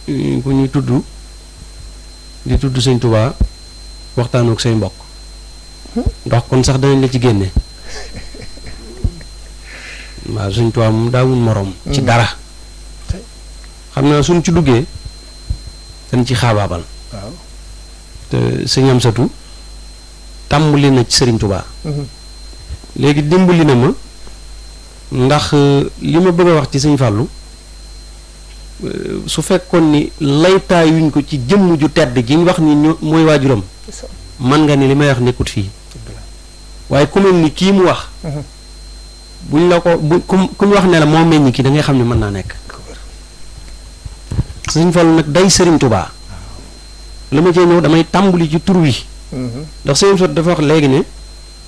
eh, ku ñuy tuddu di tuddu seigne touba waxtaan ak say mbokk hmm? ndax kon sax dañ la ci génné ma seigne touba mu daawul morom ci hmm. dara xam naa suñ ci duggee dañ ci xaabaabal. waaw te sëñ Amsatu tàmbali na ci Serigne Touba. Mhm. léegi dimbali na ma ndax euh, li ma bëgg a wax ci sëñ fàllu euh, su fekkoon ni laytaay yuñ ko ci jëmm ju tedd gi wax ni ñu mooy waajuram. man nga ni li may wax nekkut fii. waaye ku mel ni kii mu wax. Mhm. buñ la ko bu ku mu wax ne la moo meññ kii da xam ne mën naa nekk. sëñ Fallu nag day sëriñ Touba la ma cee ñëw damay tàmbali ci tur wi. Mhm. ndax sëñ Fallu dafa wax léegi ne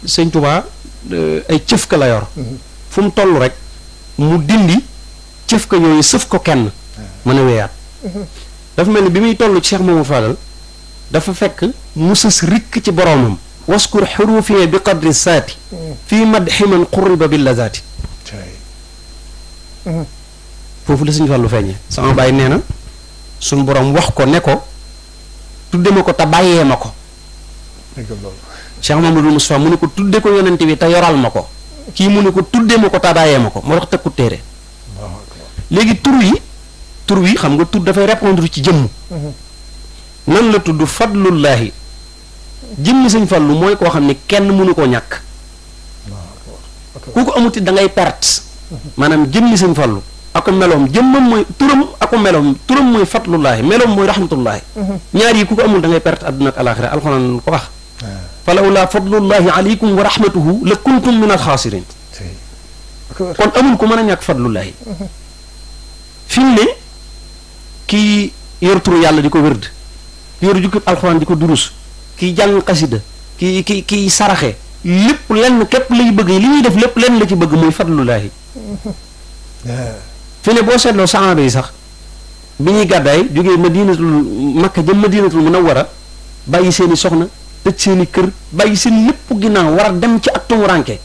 sëñ Touba euh, ay cëf ka la yor. Mhm. fu mu toll rek mu dindi cëf ka sëf ko kenn ah. mën a weyaat. Mhm. dafa mel ni bi muy toll ci Cheikh Momadou Fadal dafa fekk mu sës rikk ci boroomam. waskur xuruufee bi qadri saati. fii madxi man qurriba bi lazaati. foofu la sëñ Fallu feeñee. sama bàyyi nee na. suñ borom wax ko ne ko tudde ma ko te bàyyee ma ko Cheikh Mamadou Moustapha mu ne ko tudde ko yonent bi te yoral ma ko kii mu ne ko tudde ma ko te ma ko moo tax ku téere léegi tur yi tur yi xam nga tur dafay répondre ci jëmm mhm. nan la tudd fadlullaahi jëmm sëñ Fallu mooy koo xam ne kenn mënu koo ñàkk ku ko amuti da ngay perte mhm. maanaam jëmmi sëñ Fallu ak melom jëmmam moy turam ak melom turam moy fatlullah melom moy rahmatullahi mhm. ñaar yi ku ko amul da ngay perte aduna ak alakhirah alquran ko wax ah. laula fadlullah alaykum wa rahmatuhu lakuntum min alkhasirin kon amul ku meuna ñak fadlullah mhm. ki yor turu yalla diko werd yor jukki alquran diko durus ki jang qasida ki ki ki saraxé lepp lenn kep lay bëgg li ñuy def lepp lenn la ci bëgg moy fi ne boo seetloo saxaaba yi sax bi ñuy gàddaay jógee madinatul makka jëm madinatul munawwara bàyyi seen i soxna tëj seen i kër bàyyi seen lépp ginnaaw war a dem ci ak tumuranke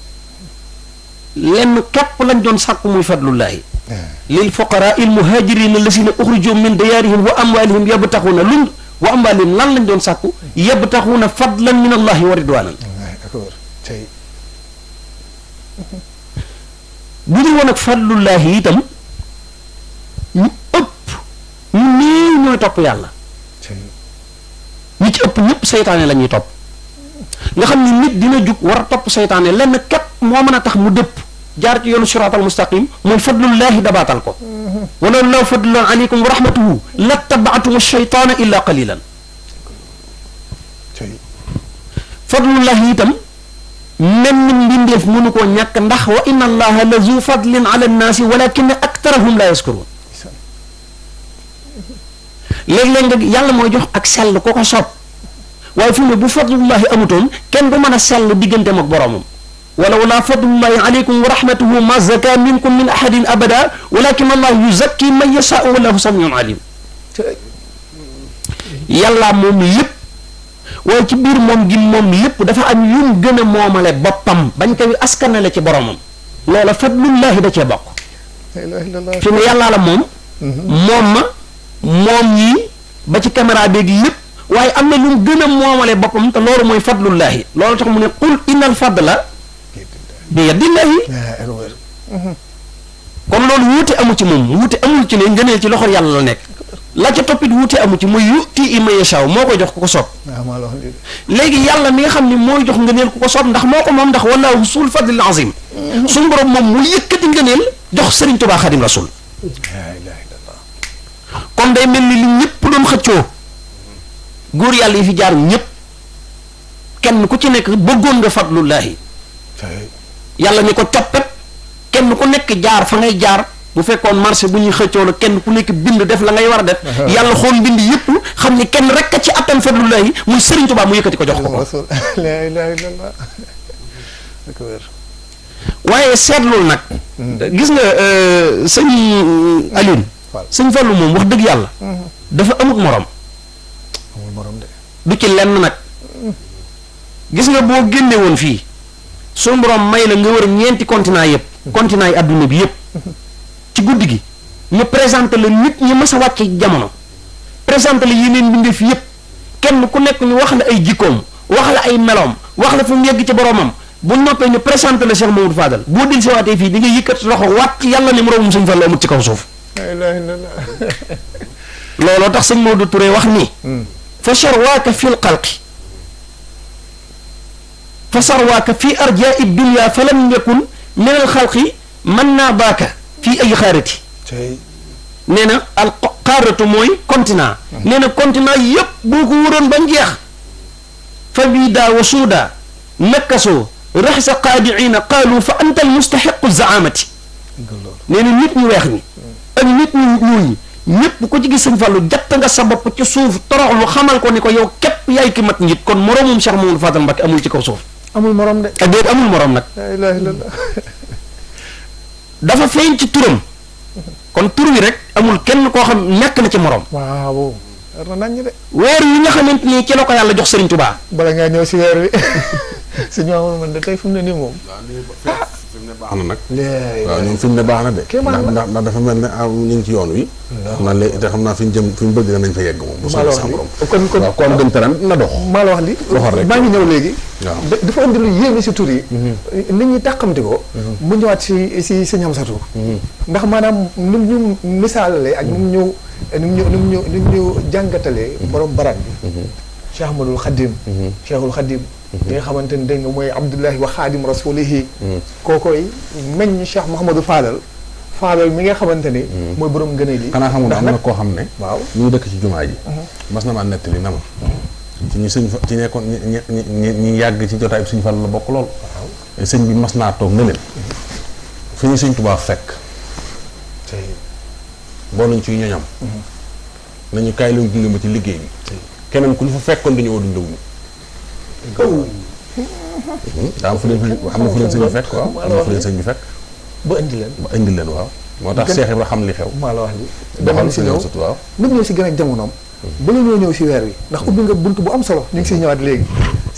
lenn képp lañ doon sàkku muy fadlullaahi eh. lil fuqaraa il muhaajiriina lazina uxrijoo min diyaarihim wa amwaalihim yabtaxuuna lun wa amwaalihim lan lañ doon sàkku yabtaxuuna fadlan min allaahi wa ridwaanan eh, bu dul woon ak fadlullaahi itam ñooy topp yàlla ñi ci ëpp ñëpp seytaane la ñuy topp nga xam ni nit dina jug war a topp seytaane lenn képp moo mën a tax mu dëpp jaar ci yoonu siraatal mustaqim mooy fadlullaahi dabaatal ko walaw laa fadlullah aleykum wa rahmatuhu la tabaatum sheytaana illa qalilan fadlullahi itam menn mbindeef mënu koo ñàkk ndax wa inna allaha la zu fadlin ala annaasi walakin aktarahum la yaskuruun léeg-léeg nga yàlla mooy jox ak sell ku ko soob waaye fi mu ne bu fadlullahi amutoon kenn du mën a sell digganteem ak boromam wala wala fadlullahi aleykum wa rahmatuhu ma zaka minkum min ahadin abada walakin allah yuzakki man yashaau wallahu samiun alim yàlla moom yépp waaye ci biir moom gi moom lépp dafa am yum gën a moomale boppam bañ koy askanale ci boromam loola fadlullahi da cee bokk fi mu yàllaa la moom moom ma moom ñii ba ci caméra beeg lépp waaye am na lu mu gën a moomale boppam te loolu mooy fadlullahi loolu tax mu ne qul innal fadla bi yadillahi kon loolu wuute amu ci moom wuute amul ci ne ngëneel ci loxo yàlla la nekk la ca toppit wuute amu ci muy yu'ti man yashaa moo ko jox ko ko soob léegi yàlla mi nga xam ni mooy jox ngëneel ku ko soob ndax moo ko moom ndax wallaahu sul fadlil azim mm-hmm. suñu borom moom mu yëkkati ngëneel jox Sëriñ Tuubaa Xaadim Rasuul kon day mel ni li ñëpp doon xëccoo góor yàlla yi fi jaar ñépp kenn ku ci nekk bëggoon nga fadlullaahi yàlla ni ko coppet kenn ku nekk jaar fa ngay jaar bu fekkoon marché bu ñuy xëccoo la kenn ku nekk bind def la ngay war a def yàlla xool mbind yëpp xam ni kenn rek a ci attan fadlullaahi muy Sëriñ Tuubaa mu yëkkati ko jox ko waaye seetlul nag hmm. gis nga euh, sëñ Alioune sëñ Fallou moom wax dëgg yàlla. Mm-hmm. dafa amut morom. morom de. du ci lenn nag. gis nga boo génne woon fii suñu borom may la nga wër ñeenti continent yëpp. continent yi adduna bi yëpp. ci guddi gi ñu présenté la nit ñi mës a wàcc jamono. présenté la yeneen mbindeef yëpp kenn ku nekk ñu wax la ay jikkoom wax la ay meloom wax la fu mu yegg ci boromam bu noppee ñu présenté la Cheikh Mamadou Fadal boo dellusiwaatee fii di nga yëkkat loxo waat yàlla ni mu romb sëñ Fallou amut ci kaw لا لا لا سيغ مودو توري واخني فشرواك في القلق فشرواك في ارجاء الدنيا فلم يكن من الخلق من ناباك في اي خارتي نينا القاره موي كونتينا نينا كونتينا ييب بوكو وورون با نجيخ فبيدا وسودا نكسو رحس قادعين قالوا فانت المستحق الزعامه نينا نيت ني واخني ak nit ñu ñuul ñi ñëpp ko ci gis sëñ Fallou jatt nga sa bopp ci suuf toroxlu xamal ko ni ko yow képp yaay ki mat njiit kon moroomum Cheikh Mamadou Fadal Mbacké amul ci kaw suuf. amul morom de. ak ah, déet amul morom nag. dafa feeñ ci turam. kon tur wi rek amul kenn koo xam ñàkk na ci morom. waaw. weer yi nga xamante ni ci la ko yàlla jox Serigne Touba. bala ngaa ñëw si weer wi man de tey fu ne nii moom. fi mu ne baax na nag. waaw ñoom fi mu ne baax na de. ndax ndax dafa mel ne ah, ñu ngi ci yoon wi. man léegi te xam naa fi ñu jëm fi ñu bëgg nañ fa yegg moom. na dox. maa la wax li maa ngi ñëw léegi. waaw dafa indi lu yéeme si tur yi. Mm-hmm. nit ko. Mm-hmm. mu ñëwaat si si sëñ Amsatou. Mm-hmm. ndax maanaam ni ñu misaalalee ak ni mu ñu ni ñu ni ñu ni mu ñu jàngatalee. borom barab bi. Cheikh Ahmadoul Khadim. Cheikhul Khadim. li nga xamante ni dégg nga mooy Abdullahi wa xaadim rasulihi. Hmm. kookooy meññ Cheikh Mouhamadou Fadal. Fadal mi nga xamante ni. Hmm. mooy borom gën a lii. xanaa xamul am na koo xam ne. waaw dëkk ci jumaa ji. Hmm. mas na maa na ma. ci nekkoon ñi ñi yàgg ci jotaay suñu fan la bokk lool. sëñ bi mas naa toog ne leen. fi ñu sëñ Tuubaa fekk. boo nañ ci ñoñam. nañu kaay leen gunge ma ci liggéey bi. keneen ku ñu fa fekkoon dañoo duñ dawlu. am fu leen am na fu leen sëñ bi fekk waaw am na fu leen sëñ bi fekk ba indi leen ba indi leen waaw moo tax Cheikh Ibra xam li xew maa la wax li dama si ñëw waaw si gën ak hmm. si ndax hmm. ubbi bu am solo ñu ngi siy ñëwaat léegi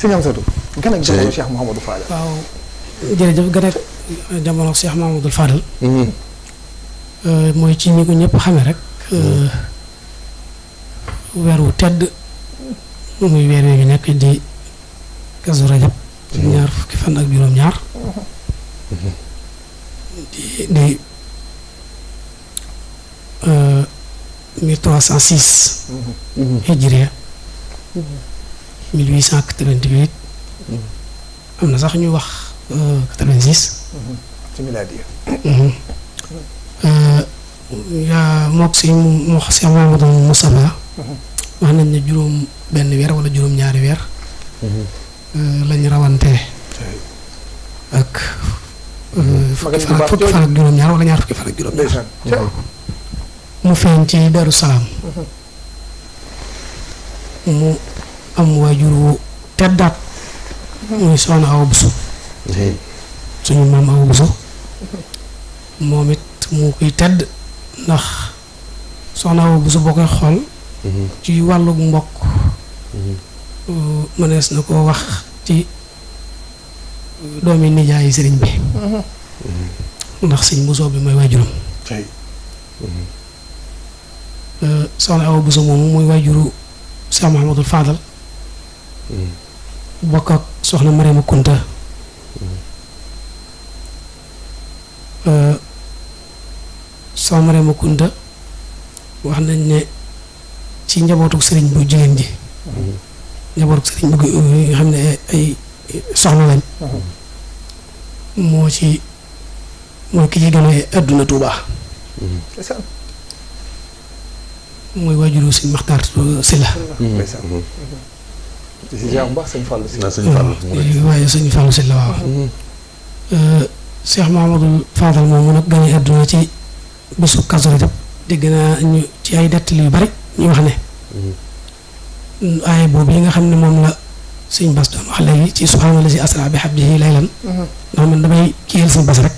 sëñ am satu gën ak jamono seex Mouhamadou Fadel waaw jërëjëf gën ak jamono Cheikh hmm. euh, mooy ci ñi ko ñëpp rek euh, weer wu tedd muy weer wi nekk di kasu rajab ñaar fukki fan ak juróom-ñaar di di euh, mille trois cent six hijriya mille huit cent quatre-vingt-huit am na sax ñu wax euh, quatre-vingt-six ci milaadi yaa mhm. euh, mook si mu wax si Mamadou Moussa mhm. wax nañ ne juróom benn weer wala juróom ñaari weer mhm. Eh, lañ rawante ak fukki fan ak fukki fan ak juróom ñaar wala ñaar fukki fan ak juróom ñaar mu feeñ ci daru salaam mu am waajur wu teddaat muy uh-huh. soxna aw busu suñu maam aw busu mu koy uh-huh. tedd ndax soxna aw busu boo koy xool uh-huh. ci wàllu mbokk mënees na koo wax ci doomi nijaay sëriñ bi ndax sëñ Bousso bi mooy waajuram euh, soxna Awa Bousso moomu mooy waajuru Cheikh Mouhamadul Fadal bokk ak soxna Mariama Kunta euh, wax nañ ne ci njabootu sëriñ bu jigéen ji njaboot sëriñ bëgg yi nga xam ne ay soxna lañ ki ci gane adduna Tuubaa mooy waajuru sëñ Maxtaar Silla waaye sëñ Fàllu Silla waaw Cheikh Mahamadou Fadal moom mun a gane adduna ci bésu Kazu Rajab dégg naa ñu ci ay dettali yu bari ñu wax ne aaya boobu yi nga xam ne moom la suñ bas doon wax léegi ci subhaanala si asra bi xabdihi laylan mhm. ndax man damay kiyal suñ bas rek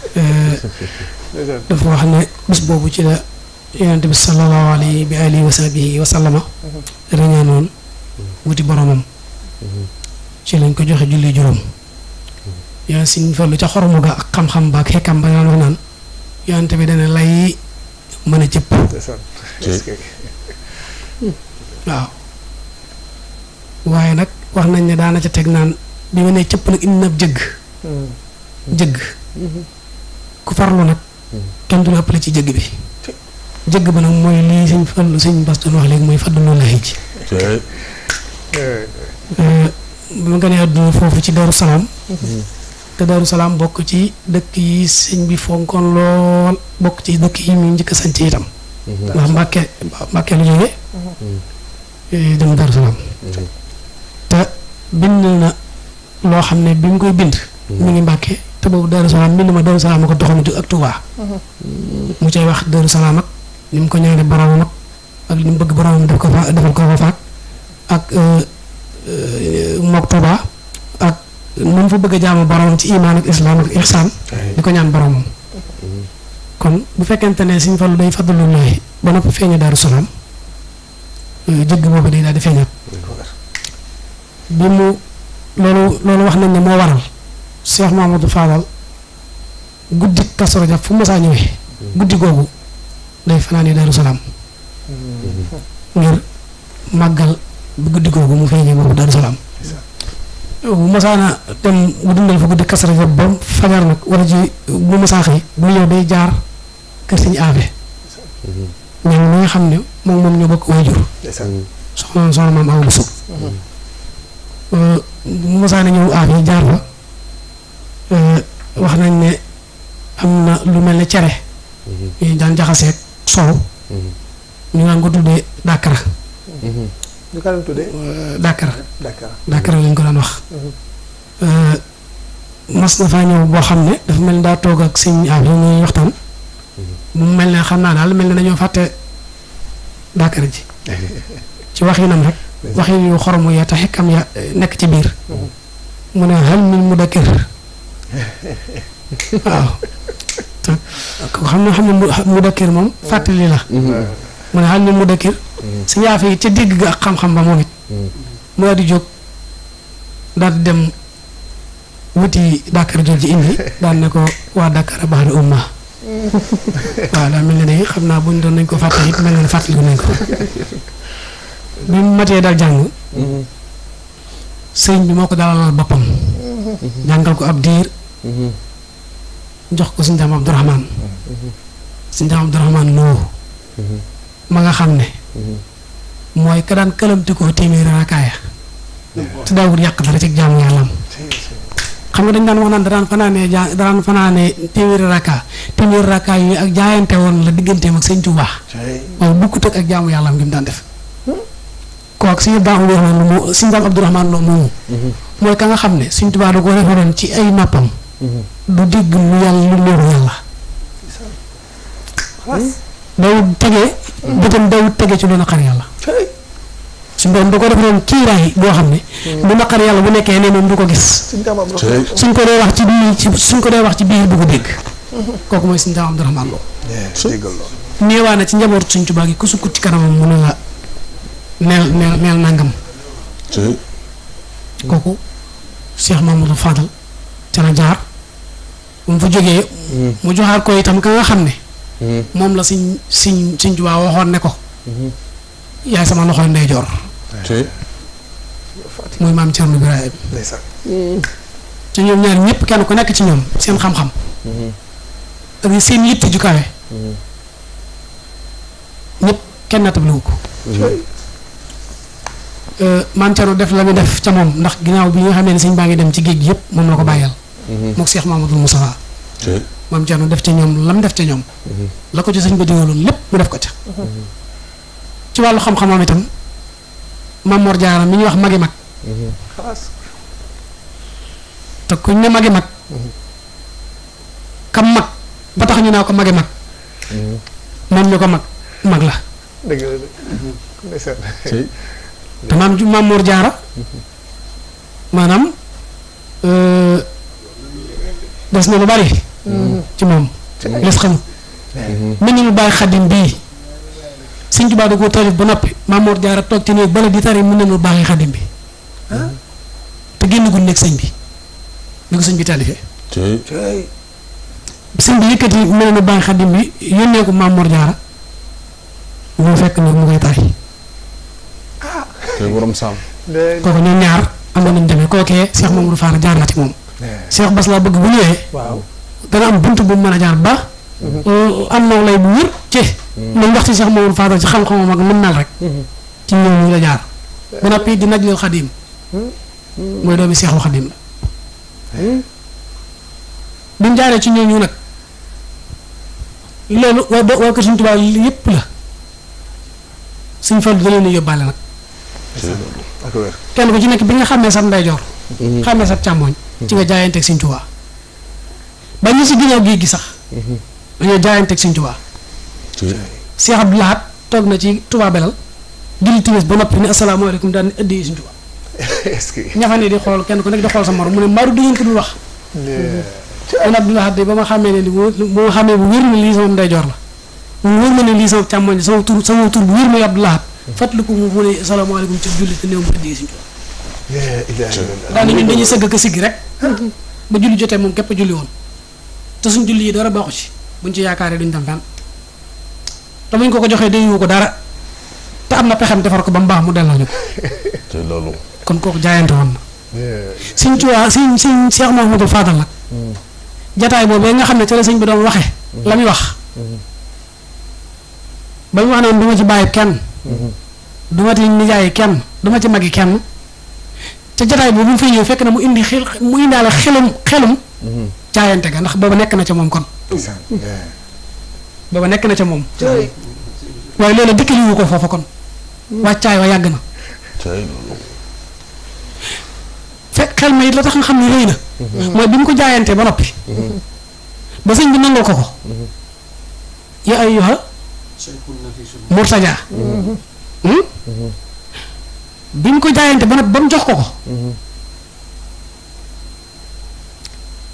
dafa wax ne bis boobu ci la yonente bi sallallahu alayhi bi alihi wa sahbihi mhm. wuti boromam mhm. ci lañ ko joxe julli juróom yooyu suñ fallu ca xoromu ga ak xam-xam ba xekkam ba daan wax naan yonente bi dana lay mën a jëpp waaw waaye nag wax nañ ne daana ca teg naan bi ma nee cëpp nag indi na jëgg hmm. jëgg hmm. ku farlu nag hmm. kenn du la ëppale ci jëgg bi jëgg ba nag mooy lii sëñ fàllu sëñ bas wax léegi mooy fàddu loolu la xëj ba ma àdduna foofu ci Daaru Salaam te Daaru bokk ci dëkk yi sëñ bi fonkoon lool bokk ci dëkk yi mu njëkk a sant itam ndax Mbàkke Mbàkke lu jógee Eh, jëm Daaru Salaam te bind na loo xam ne bi mu koy bind mi ngi Mbàkke te boobu Daaru Salaam mbind ma Daaru Salaam ko doxam ak Tuubaa mu cay wax Daaru Salaam ak ni mu ko ñaane boroomam ak li mu bëgg boroomam def ko fa defal ko fa faak ak eh, eh, mook Tuubaa ak nu mu bëgg jaamu boroomam ci imaan ak islaam ak ihsaan di ñaan boroomam kon bu fekkente ne Sëñ Fallu day fadlu looy ba noppi feeñu Daaru Salaam jëgg boobu day daal di feeñaat bi mu loolu loolu wax nañ ne moo waral Cheikh Mamadou Fadal guddi Kazu Rajab fu masaa ñëwee guddi googu day fanaanee Daaru Salaam ngir màggal guddi googu mu feeñee boobu Daaru Salaam bu masaana dem mu dundal fa guddi Kazu Rajab ba fajar nag wala ji bu masaa xëy bu ñëw day jaar kër Sëñ Afe ñoom mi nga xam ne moom moom ñoo bokk waajur. soxna soxna maam aw bu sub. Moussa ne ñëw aaf jaar fa euh, wax nañ ne am na lu mel ne cere. ñu mm-hmm. daan jaxaseeg soow. Mm-hmm. ñu naan ko tuddee dàkkara. ñu mm-hmm. ko daan tuddee. Euh, dàkkara. dàkkara lañ ko daan wax. Euh, mas na ñëw boo xam ne dafa mel ni daa toog ak sëñ aaf yi waxtaan. mu mel ne xam naa daal mel ne dañoo fàtte daakar ji ci waxinam rek waxin yu xorom ya te xekkam nekk ci biir mu ne hal xam na xam ne mudakkir moom fàttali la mm-hmm. Mm-hmm. mu ne hal min mudakkir mm-hmm. si yaafe yi ca dégg ga ak xam-xam ba moom it mu daal di jóg daal di dem wuti daakar jol ji indi daan ne ko waa daakar baax na umma waaw daa mel ni de xam naa buñ doon nañ ko fàttali it mel na fàttaliku nañ bi mu matee daal jàng. Mhm. sëñ bi moo ko dalalal boppam. Mhm. jàngal ko ab diir. Mhm. jox ko suñu daam Abdourahman. suñu daam Abdourahman loo. ma nga xam ne. mooy ka daan këlamti ko téeméeri rakaaya. te daawul yàq dara ci jaamu yàllaam. xam nga dañ daan wax naan danaan fanaanee ja danaan fanaanee téeméeri rakka téeméeri rakka yi ak jaayante woon la digganteem ak sëñ Tuubaa waaw bukkut ak jaamu yàlla am gi mu daan def kooku sëñ Daam Abdourahmaan Lo mooy ka nga xam ne sëñ Tuubaa ko defaroon ci ay noppam mm-hmm. du dégg lu yàlla lu leeru yàlla dawut tege mm-hmm. bëtam dawut tege ci loolu xar yàlla suñ borom da ko defaroon kiiraay boo xam ne. Hmm. bu naqar yàlla bu nekkee ne moom du ko gis. suñ ko dee wax ci biir suñ ko dee wax ci biir du ko dégg. kooku mooy suñu daam Abdourahmane Lo. Eh, neewaa na ci njabootu suñ Tuubaa gi ku sukkut ci kanamam mën na la meel meel meel nangam. kooku Cheikh Mamadou Fadal ca la jaar bu mu fa jógee. Hmm. mu joxaat ko itam ka nga xam ne. Hmm. moom la si suñ suñ waxoon ne ko. yaay sama loxoy ndeyjoor mooy maam Thierno Birahim. ci ñoom ñaar ñëpp kenn ku nekk ci ñoom seen xam-xam. ak mm-hmm. seen mm-hmm. kenn nattable wu ko. Mm-hmm. Euh, def la def ca moom ndax ginnaaw bi nga xamee ne sëñ baa ngi dem ci géej yëpp moom la ko bàyyal. moog Cheikh Mamadou Moussa. def ca ñoom lam def ca ñoom. la ko ci lépp def ko ci wàllu xam itam. mamor jaara mi ñu wax magi mag te kuñ ne magi mag kam mag ba tax ñu naa ko magi mag mom ñu ko mag mag la te maam ju mamor jaara euh des na lu bari mm. ci mom les xam mm-hmm. ni lu xadim bi sëñ Tuubaa da koo tarif ba noppi Maamoor Jaara toog ci néeg bala di tarif mën nañu baaxee xadim bi te génnagul nekk sëñ bi ni ko sëñ bi tarifee sëñ bi yëkkati mën nañu baaxee xadim bi yónnee ko Maamoor Jaara mu fekk nag mu ngay tari koy ah. borom saam kooku ñoom ñaar amoon nañu demee kookee Cheikh Mamadou Fall jaar na ci moom Cheikh Bass laa bëgg bu ñëwee dana am bunt bu mu mën a jaar ba Mm-hmm. am na lay bu wër ci mo wax ci cheikh mamadou fadal ci xam xam mag mën nal rek mm-hmm. ci ñoom ñu la jaar bu nappi di najlul khadim moy mm-hmm. doomi cheikhul khadim la bu jaaré ci ñoom ñu nak lolu wa wa ko sun tuba yépp la sun fal da leen yobale nak kenn ko ci nek bi nga xamé sa nday jor xamé sa chamoy ci nga jaayante ak suñ tuba ba ñu ci ginaaw gi gi sax ñu dañoo jaayanteeg sëñ Tuubaa Cheikh Abdou tok na ci Touba Belal julli tiwes ba nopi ni assalamu alaykum dan ëddee sëñ Tuubaa est-ce ñafa ne di xol kenn ko nek di xol sa morom mu ne maru di ñu ko dul wax man Abdou Lahad de ba ma xamee ne li ba ma xamee bu wér na lii sama jor la mu wér ma ne lii sama chamoy sama tur sama tur bu wér ma Abdou Lahad mu mu ne alaykum ci julli te néew mu ëddee sëñ Tuubaa daal ñu dañuy sëgg ak sigi rek ba julli jotté mom képp julli won te suñ julli yi dara baxu ci buñ ci yaakaaree duñ dem fenn te muñ ko ko joxee déywu ko dara te am na pexem defar ko ba mu baax mu delloo ñu ko. kon kooku jaayante woon na. suñ Tuubaa suñ suñ Cheikh Mouhamadou Fadal nag. jataay boobu nga xam ne ca sëñ bi doon waxee. la wax. ba mu wax noonu ma ci bàyyi kenn. du ma ci nijaay kenn du ci magi kenn. ca jataay boobu mu fi ñëw fekk na mu indi xel mu indaale xelum xelum. Mm-hmm. jaayante ga ndax boobu nekk na ca moom kon. booba nekk na ca moom. waaye loolu dëkk yu ko foofa kon. Mm. wàccaay wa yàgg na. fekk xel ma it la tax nga xam ne rëy na. Mm-hmm. mooy bi mu ko jaayantee ba noppi. Mm-hmm. ba sëñ bi nangoo ko ko. Mm-hmm. ya ayyuha murtaja hmm? bi mu ko jaayante ba noppi ba mu jox ko ko.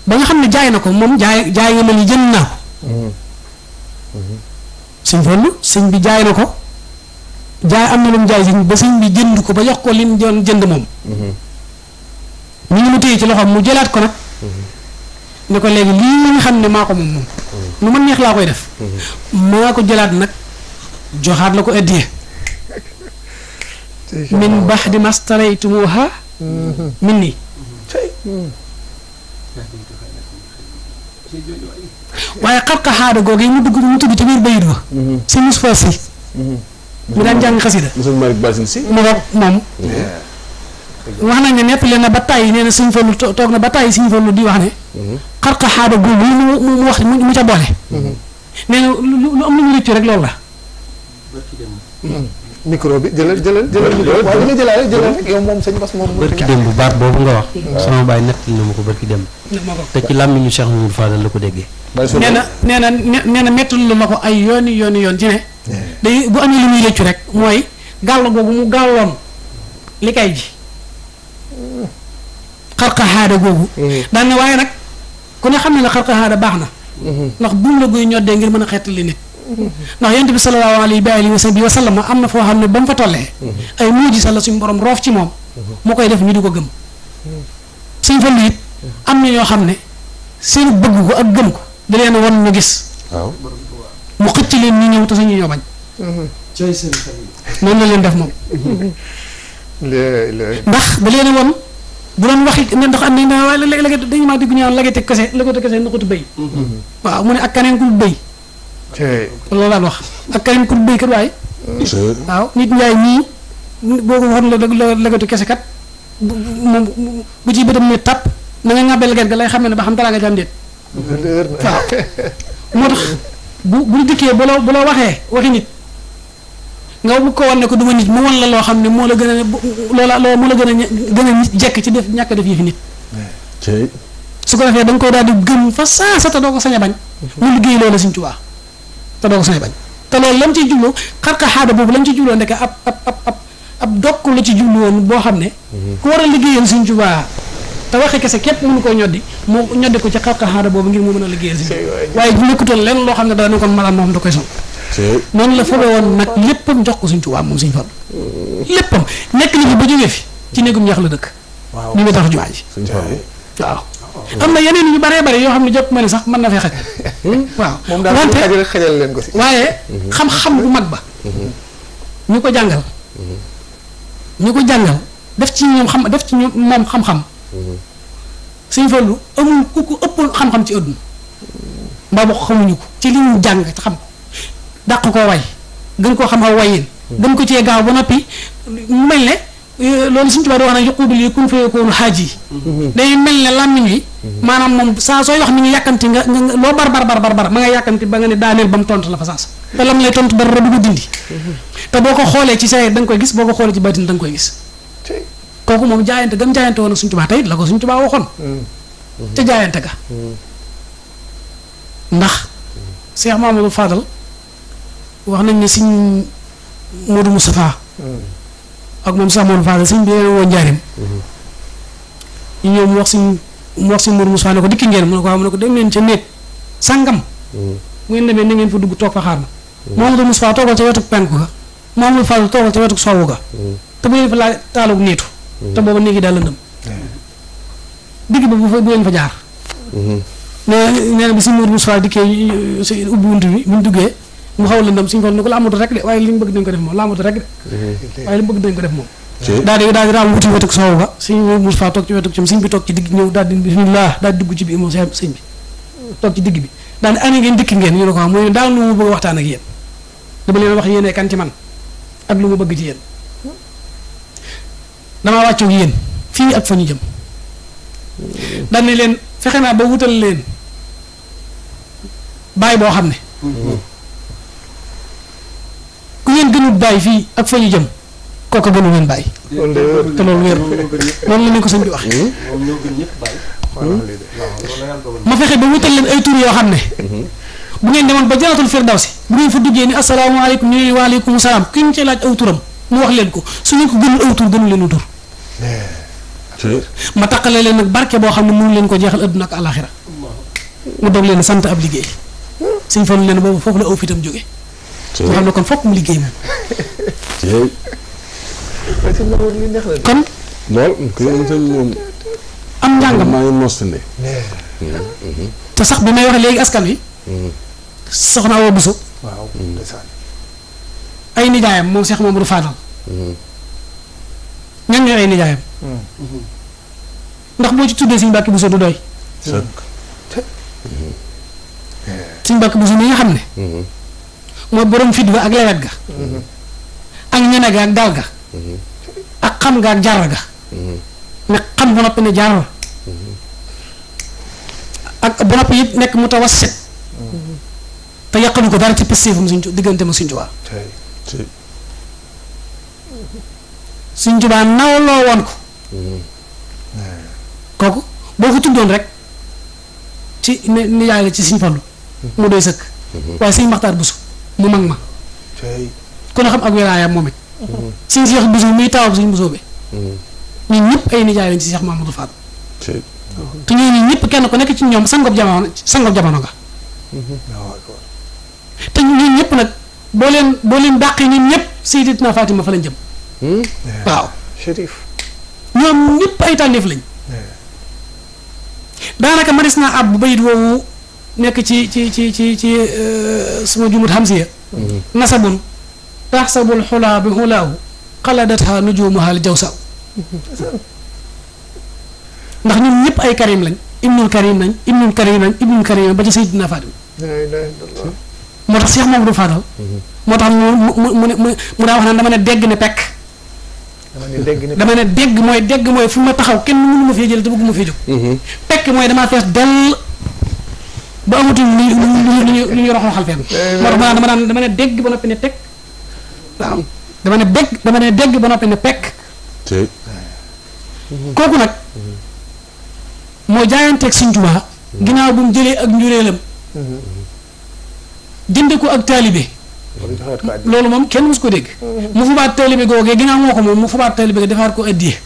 ba nga xam ne jaay na ko moom jaay jaay nga ma ni jënd naa ko. Mm-hmm. sëñ Fallu sëñ bi jaay na ko jaay am na lu mu jaay sëñ bi jënd ko ba jox ko li mu jënd moom. ñu mm-hmm. ngi mu téye ci loxo mu jëlaat ko nag. Mm-hmm. ne ko léegi lii nga xam ne maa ko moom moom. lu ma neex laa koy def. maa ko jëlaat nag joxaat la ko addiya. min baxdi mastaraytumuha minni waaye xaada googu yi mu dugg mu tudd ci biir bayit ba mhm. si Moustapha si mhm. mu daan jàng xasida mu roog moom wax nañ ne nettali leen ba tàyyi nee na suñ fallu toog na ba tàyyi suñ fallu di wax ne mhm. xarqaxaada googu mu mu wax mu ca boole nee na lu am lu mu rëcc rek loolu la micro bi jëlal jëlal jëlal micro waaw li nga jëlaale jëlal rek yow moom sëñ Bass moom barki démb bu baat boobu nga wax sama baay nettali na ma ko barki démb te ci làmmiñu Cheikh Mamadou Fadal la ko déggee nee na nee na nee na mettalu ma ko ay yooni yooni yoon ci ne day bu amee lu muy rëccu rek mooy gàll googu mu gàlloon li kay ji xarqaxaada googu mm-hmm. daan na waaye nag ku ne xam ne la xarqaxaada baax na mm-hmm. ndax buum la guy ñoddee ngir mën a xeetali nit ndax yonte bi sallallahu alayhi wa alihi wa sahbihi wa sallam amna fo xamne bam fa tolle mhm. ay muji sallallahu la borom roof ci mom mhm. mu koy def ñu diko gëm suñ fa nit am na ñoo xam ne seen bëgg ko ak gëm ko da leen won ñu gis mu xëcc leen ñu ñew ta suñu yobañ ñoo bañ mhm. noonu la leen def mom ndax da leen won bu len waxi ne ndox am ni nañ waaye léeg-léeg dañu maa dégg ñu naan lagate kese lagate kese nu ko bay waaw mu ne ak kanen ku bay loolu daan wax ak karim kur béykat waaye waaw nit njaay mii boo ko waxoon la la lagatu kese kat moom bu ci bëtam ne tàpp na nga ngàbbee leget ga lay xam ne ba xam dara nga jaam déet waaw moo tax bu bu dikkee bu la bu la waxee waxi nit nga bu ko wan su ko defee da nga koy daal di gëm fa saa sa te doo ko sañ a bañ mu liggéey loola suñ tubaa te doo ko sañ bañ te loolu lam ciy jublu xarka xaada boobu lañ ci jubloo ndeke ab ab ab dokk la ci jublu woon boo xam ne mhm. ku war a liggéeyal Sëñ Tuubaa te waxe kese képp mënu koo ñoddi moo ñoddi ko ci xarka xaada boobu ngir mu mën a liggéeyal Sëñ waaye nekkutoon lenn loo xam ne daa nekkoon malaan moom da koy son noonu la fobe woon nag léppam jox ko Sëñ Tuubaa moom Sëñ Fall mhm. léppam nekk na fi ba jógee fi ci néegum ñax la dëkk ni nga tax jumaa ji waaw am na yeneen yu bëree bëri yoo xam ne jàpp ma ne sax man na fee xaj. Hmm? waaw moom daal wante xajal leen ko si. waaye hmm. xam-xam bu mag ba. Hmm. ñu ko jàngal. ñu ko jàngal def ci ñoom xam def ci ñoom moom xam-xam. suñu fallu amul ku ko ëpp xam-xam ci àdduna. mbaa boo xamuñu ko ci li ñu jàng te xam ko dàq koo way gën koo xam aw wayin. gën ko cee gaaw ba noppi mu mel ne. Eh, loolu suñu tubaab di wax nag yuquudu lii kun fayakuunu xaaj yi mhm. day mel ne làmmiñ wi mhm. maanaam moom saa sooy wax mi ngi yàkkamti nga loo bar bar bar bar ma nga yàkkamti ba nga ne daaneel ba mu tontu la fa saas te lam lay mhm. te boo ko xoolee ci saye da nga koy gis boo ko xoolee ci baatin da nga koy gis kooku moom jaayante gam jaayante woon ak suñu tubaab tey la ko suñu tubaab waxoon mm. mm-hmm. ca jaayante ga mm. ndax Cheikh Mamadou Fadal wax nañ ne siñ Modou Moustapha mm. ak mom Samone Fall sëñ bi leen woo njaarim ñu wax sëñ wax sëñ Mourou Moussa ne ko dikki ngeen mu ne ko waaw mu ne ko dem leen ca néeg sangam bu ngeen demé na ngeen fa dugg tok fa xaar ma Mamadou Moussa toogal ca wetuk penku ga Mamadou Fall toogal ci wetu sawu ga te bu ngeen fa laaj taalug niitu te bobu néegi daal lëndëm digg ba bu fa bu ngeen fa jaar mmh. ne ne na bi sëñ Mourou Moussa dikkee ubbi bunt bi bu ñu mu xaw lëndam suñ fal ni ko laamatu rek de waaye liñ bëgg dañ ko def moom laamatu rek de mm-hmm. waaye liñ bëgg dañ ko def moom daal di daal di raam wuti wetuk ci wetuk ci bi ci daal di bismillah daal dugg ci bi moo sëñ bi toog ci digg bi daal di ngeen dikk ngeen ñu ko ah, muy daal lu mu bëgg waxtaan ak dama leen wax kan ci man ak lu mu bëgg ci yéen dama wàccoog yéen fii ak fa ñu jëm daal leen ba wutal leen ku ngeen gënul bàyyi fii ak fa ñu jëm kooku gënu ngeen bàyyi. te loolu wér loolu la ñu ko sëñ bi waxee. ma fexe ba wutal leen ay tur yoo xam ne. bu ngeen demoon ba jannatul firdawsi bu ngeen fa duggee ni asalaamaaleykum ñu ne waaleykum salaam ki ñu cay laaj aw turam mu leen ko su ñu ko gënul aw tur gënu leen tur. ma taqale leen nag barke boo xam ne mënu leen ko jeexal àdduna ak àlaxira mu doog leen sant ab liggéey. sëñ Fallu leen boobu foofu la aw fitam jóge nga xam ne kon fokk mu liggéey moom. kon. lool moom. am njàngam te sax bi may wax léegi askan wi. Mm-hmm. soxna Awa Bousso. ay nijaayam moom Cheikh Mamadou Fadal. Mm-hmm. ñan ñooy ay nijaayam. Mm-hmm. ndax boo ci tuddee Sëñ Mbàkke Bousso du doy. sëñ Mbàkke Bousso mi nga xam ne. mo borom fit ba ak lewet ga mhm. ak ñene ga ak dal ga mhm. ak xam ga ak jar ga mhm. nek xam bu noppi ne jaar ak bu noppi yit nek mutawassit ta te ko dara ci passifam suñ digënté ma suñ wa suñ jubaa nawloo won ko koku boo ko tuddoon rek ci ni yaangi ci suñ fallu mu doy sekk waaye suñ maktar busu mu mag ma. kon xam ak wilaayam moom it. sëñ Cheikh Bousso muy taawam sëñ Bousso bi. ñun ñëpp ay nijaay lañ ci Cheikh Mamadou Fall. te ñooñu ñëpp kenn ku nekk ci ñoom sangob jamono sangob jamono nga. te ñun ñëpp nag boo leen boo leen dàqee ñun ñëpp Sayyidatuna Fatima fa lañ jëm. Hmm? waaw. Chérif. ñoom ñëpp ay tànneef lañ. daanaka maris naa ab bu bayit woowu. nekk ci ci ci ci ci suma jumut hamsiya nasabun taxsabul xulaa bi xulaahu xaladatha nujuumuha al jawsaw ndax ñun ñëpp ay karim lañ ibnul karim lañ ibnul karim lañ ibnul karim ba ci sayyidina Fatima moo tax Cheikh Mamadou Fadal moo tax mu mu mu mu mu daa wax naan dama ne dégg ne pekk dama ne dégg mooy dégg mooy fu ma taxaw kenn mënu ma fee jël te bëggu ma fee jóg pekk mooy damaa fees dell ba amatuñ lu ñu lu ñu roxal fenn. Eh, moo tax eh. dama daan dama ne dégg ba noppi ne teg waaw dama ne dégg dama ne dégg ba noppi ne pekk. kooku nag moo jaayanteeg Sëñ Tuubaa ginnaaw bu mu jëlee ak njureelam jënde ko ak taalibe loolu moom kenn mus ko dégg mu fubaat taalibe googee ginnaaw moo ko moom mu fubaat taalibe defaat ko addiye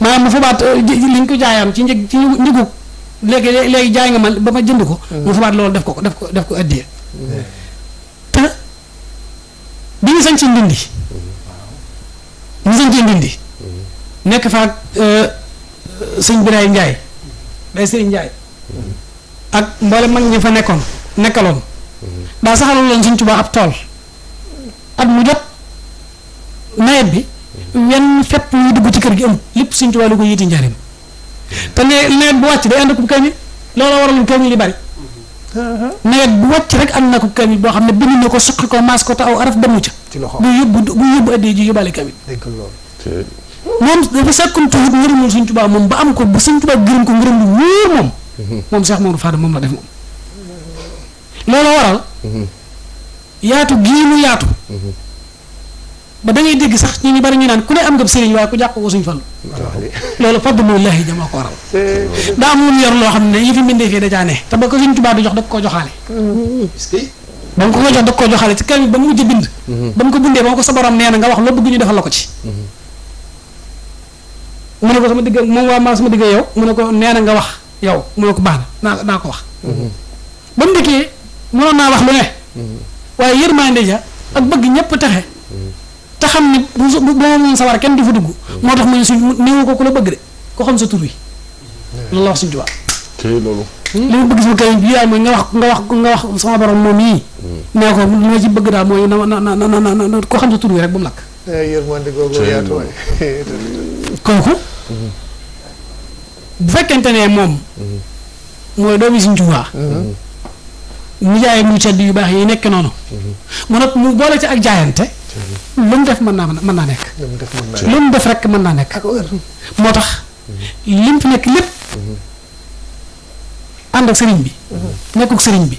maanaam mu fubaat eh, liñ ko jaayam ci njëg ci njëgu léegi léegi jaay nga ma ba ma jënd ko. mu mm. fabaat loolu def ko def ko def ko addiya. te bi ñu sañ ci ndindi. ñu sañ ci ndindi. nekk fa ak euh, euh, sëñ Biraye Ndiaye. day sëñ Ndiaye. ak mboolem mag ñi fa nekkoon nekkaloon. daa saxaloon leen suñ Tuubaa ab tool. ak mu jot nawet bi. wenn fépp ñuy dugg ci kër gi am lépp suñ Tuubaa lu ko yiti njariñ. te nee nawet bu wàcc day ànd ko kaamil loolu waraloon kaamil yi bari nawet bu wàcc rek am na ko kaamil boo xam ne bind na ko suqi ko maas ko te aw araf demu ca. ci loxo bu yóbbu bu yóbbu addee ji yóbbaale kaamil. dégg loolu. moom dafa sakkum tuuti ngërëmul Sëñ Tuubaa moom ba am ko ba Sëñ Tuubaa gërëm ko ngërëm lu wóor moom. Mhm. moom Cheikh Mamadou Fadal moom la def moom. loolu waral. Mhm. yaatu gii mu yaatu. Mhm. ba da ngay dégg sax ñi ñu bari ñu naan ku ne am nga sëriñ waaye ku jàpp ko suñ fan loolu fadlullahi jama ko waral da am lu yor loo xam ne yi fi mbindee fii da caa ne te ba ko suñ tubaab di jox da ko joxaale ba ko jox da ko joxaale ci kalmi ba mu mujj bind mhm. ba mu ko bindee ba mu ko sa borom nee nga wax loo bëgg ñu defal la ko ci mhm. mu ne ko sama digg moom waa maa sama digg yow mu ne ko nee nga wax yow mu ne ko baax na naa ko wax mhm. ba mu dikkee mënoon naa wax lu ne waaye yërmande ja ak bëgg ñëpp texe ta xam ni bu bu bu sawar kenn du fa dugg hmm. moo tax mo ne suñ néewu ko ku la bëgg de ko xam sa tur yi hmm. loolu wax suñ tubaab hmm? li bëgg sama kay bi yaay mooy nga wax nga wax nga wax sama borom moom yi nee ko ma ci bëgg da moy na na na na na ko xam sa tur yi rek bu mu lakk eh, yërmande googu yaatu ko ko bu fekkente ne mom moy doomi suñ tubaab nijaay mu cedd yu bax yi nek nonu mo nak mu boole ci ak jaayante lu mu def mën naa mën naa nekk. lu mu def rek mën naa nekk. moo tax lim fi nekk lépp ànd ak sëriñ bi. nekkuk sëriñ bi.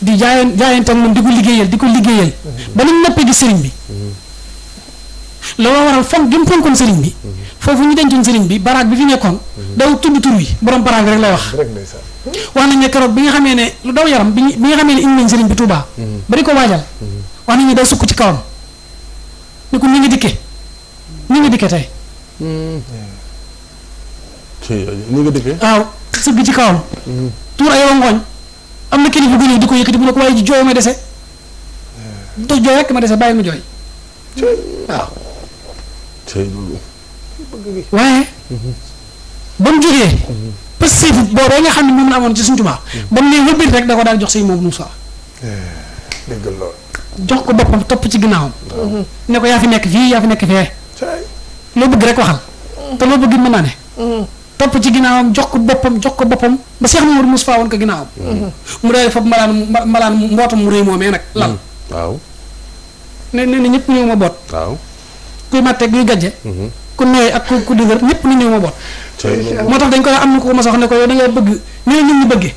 di jaayeen jaayante ak moom di ko liggéeyal di ko liggéeyal. ba nañ nappee gis sëriñ bi. looloo waral fonk gi mu fonkoon sëriñ bi. foofu ñu dencoon sëriñ bi baraag bi fi nekkoon. daw tudd tur wi boroom baraag bi rek lay wax. wax nañ ne keroog bi nga xamee ne lu daw yaram bi nga xamee ne indi nañ sëriñ bi Touba. bari ko waajal. wax nañ ne day sukk ci kawam. ni ko ni nga dikke ni nga dikke hmm. tey. ni nga dikke waaw sëgg ci kawam. Hmm. tuur ay rongoñ am na kilifa gu ñëw di ko yëkkati mu ne waaye jooy ma dese. Hmm. do jooy ma dese bàyyi ma jooy. waaw. waaye. ba mu jógee. parce que booboo nga xam ne moom la amoon ci suñu tubaab. ba mu ne wëlbati rek da ko daal jox say moom Moussa. Eh, dégg jox ko bopam top ci ginaaw ne ko ya fi nek fi ya fi nek fe lo bëgg rek waxal. Mm. te lo bëgg mëna ne. Mm. top ci ginaaw jox ko bopam jox ko bopam ba Cheikh mamour mousfa won ko ginaaw mm-hmm. mu reey fa malan malan mbotam mu reey momé nak lan mm. waaw. ne ne ñepp ñëw ma boot. waaw kuy màtte kuy gàjje. Mm-hmm. ku nooy ak ku ku ñepp ñëpp ñu ñëw ma bot motax dañ ko am na ko ma sax ne ko yow da ngay bëgg ñu ne bëgge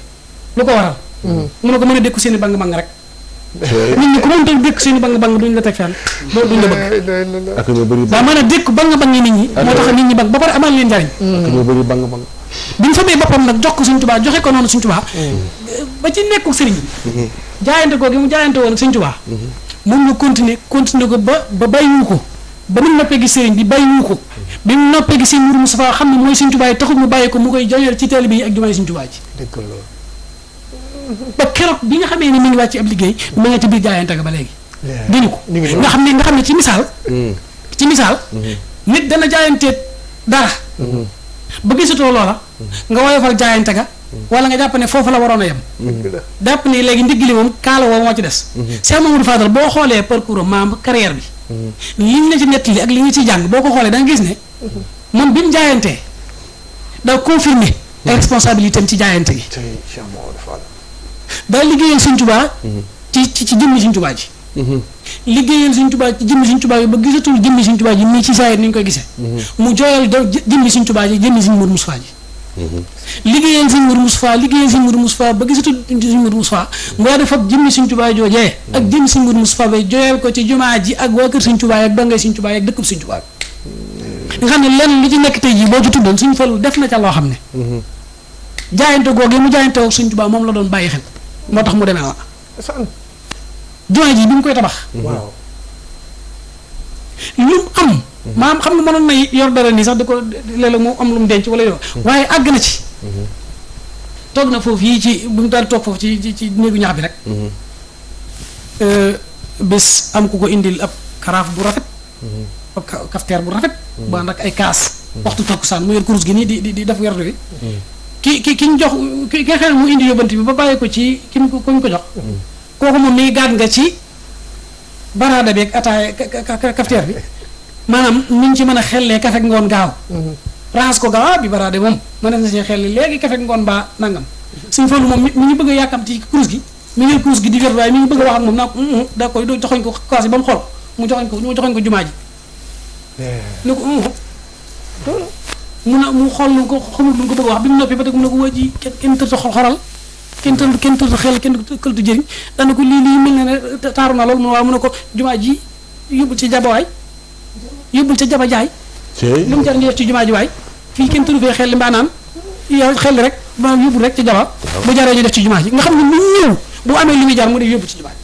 lu ko waral. Mm-hmm. mu ne ko mëna a seen bang bang rek. nit ñi ku mënta dékk seen i bang-bang duñ la teg fenn loolu duñ la bëgg. ak ñoo bëri bang maanaam dékk bang-bang yi nit ñi. moo tax nit ñi bang ba pare amal leen njariñ. ak ñoo bëri bang-bang. bi mu fa bee boppam nag jox ko Sëñ Tuubaa joxe ko noonu Sëñ Tuubaa. Mm-hmm. ba ci nekkul sëriñ bi. Mm-hmm. jaayante ko gi mu jaayante woon Sëñ Tuubaa. moom mm-hmm. la continuer continuer ko ba ba bàyyiwu ko ba mu noppee gi sëriñ bi bàyyiwu ko bi mu noppee gi sëriñ Mourou Moustapha xam ne mooy Sëñ Tuubaa yi taxul mu bàyyi ko mu koy joyal ci teel bi ak jumaay Sëñ Tuubaa ji ba keroog bi nga xamee ne mi ngi wàcc ab liggéey ma nga ci biir jaayante ga ba léegi dañu ko nga xam ne nga xam ne ci misaal mm. ci misaal mm-hmm. nit dana jaayantee dara mm-hmm. ba gisatoo loola mm-hmm. nga woyofal jaayante ga wala nga jàpp ne foofu la waroon a yem dàpp ne léegi ndigg li moom kaala woo moo ci des Cheikh Mamadou Fadal boo xoolee parcours maam carrière bi liñ la ci nettali ak li ñu ciy jàng boo ko xoolee da gis ne moom bi mu jaayantee da confirmer responsabilité am ci jaayante gi daa liggéeyal Sëñ Tuubaa ci ci ci jëmmi Sëñ Tuubaa ji liggéeyal Sëñ Tuubaa ci jëmmi Sëñ Tuubaa yi ba gisatul jëmmi Sëñ Tuubaa ji nii ci saayir ni ñu koy gisee mu jooyal da jëmmi Sëñ Tuubaa ji jëmmi Sëñ Muru Mustafaa ji liggéeyal Sëñ Muru Mustafaa liggéeyal Sëñ Muru Mustafaa ba gisatul Sëñ Muru Mustafaa nga def fab jëmmi Sëñ Tuubaa joojee ak jëmmi Sëñ Muru Mustafaa ba jooyal ko ci jumaa ji ak waa kër Sëñ Tuubaa ak dongay Sëñ Tuubaa ak dëkkub Sëñ Tuubaa nga xam ne lenn lu ci nekk tey jii boo ci tuddoon Sëñ Fallu def na ca loo xam ne jaayante googu mu jaayante woon Sëñ Tuubaa moom la doon bàyyi xel moo tax mu demee noonu. jumaa ji bi mu koy tabax. waaw lu am. Mhm. maam xam nga mënoon na yor dara nii sax di ko léeg-léeg am lu mu denc wala yow. Mhm. waaye àgg na ci. Mhm. toog na foofu yii ci bu mu daan toog foofu ci ci ci néegu ñax bi rek. Euh, bés am ku ko indil ab karaaf bu rafet. ab kafteer bu rafet. bu ànd ak ay kaas. waxtu takkusaan mu yor kurus gi nii di di def werdu bi. ki ki ki ñu jox ki nga xam mu indi yóbbante bi ba bàyyi ko ci ki mu ko ñu ko jox. kooku moom mi gaat nga ci baraada beeg ataaya cafetière bi maanaam ni ci mën a xellee kafe ngoon gaaw. raxas ko gaaw ah, bi baraade moom mën na see xel léegi kafe ngoon baa nangam suñu fàllu moom mi ñu bëgg yàkkamti yàkkam gi. mi ngi kurus gi di wér waaye mu ngi bëgg a wax ak moom naa ko daa koy joxoñ ko kaas yi ba mu xool mu joxoñ ko mu joxoñ ko jumaa ji. Eh. ni mun a mu xool lu ko xamul lu ko bëgg wax bi mu noppi ba teg mu ne ko waa ji kenn tër sa xol xoral kenn tër kenn tër xel kenn kël tu jëriñ dana ko lii lii mel ne ne taaru na loolu mun waaw mun ne ko jumaa ji yóbbul ci jabawaay yóbbul ci jaba jaay lu mu jar ñu def ci jumaa ji waay fii kenn tëru fee xel li mbaa naan yow xel rek maanaam yóbbul rek ci jaba bu jaree ñu def ci jumaa ji nga xam ne mu ñëw bu amee li muy jar mu def yóbbu ci jumaa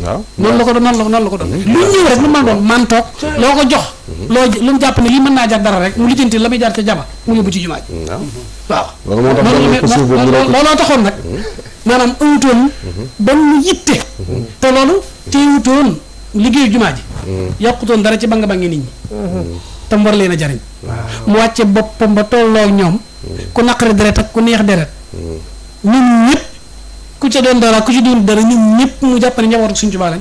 waaw noonu la ko doon noonu la ko noonu la ko doon mm-hmm. lu ñëw rek lu mën doon man toog mm-hmm. loo ko jox mm-hmm. loo lu mu jàpp ne lii mën naa jar dara rek mu lijjanti la muy jar ca jaba mu yóbbu ci jumaa ji waaw looloo taxoon nag maanaam awutoon benn yitte te loolu teewutoon liggéeyu jumaa ji yàqutoon dara ci banga bangi nit ñi te mu war leen a jariñ mu wàcce boppam ba tolloo ñoom ku naqari deret ak ku neex deret ñun ñëpp ku ca doon dara ku ci doon dara ñun ñëpp mu jàpp ne njabootu Sëriñ lañ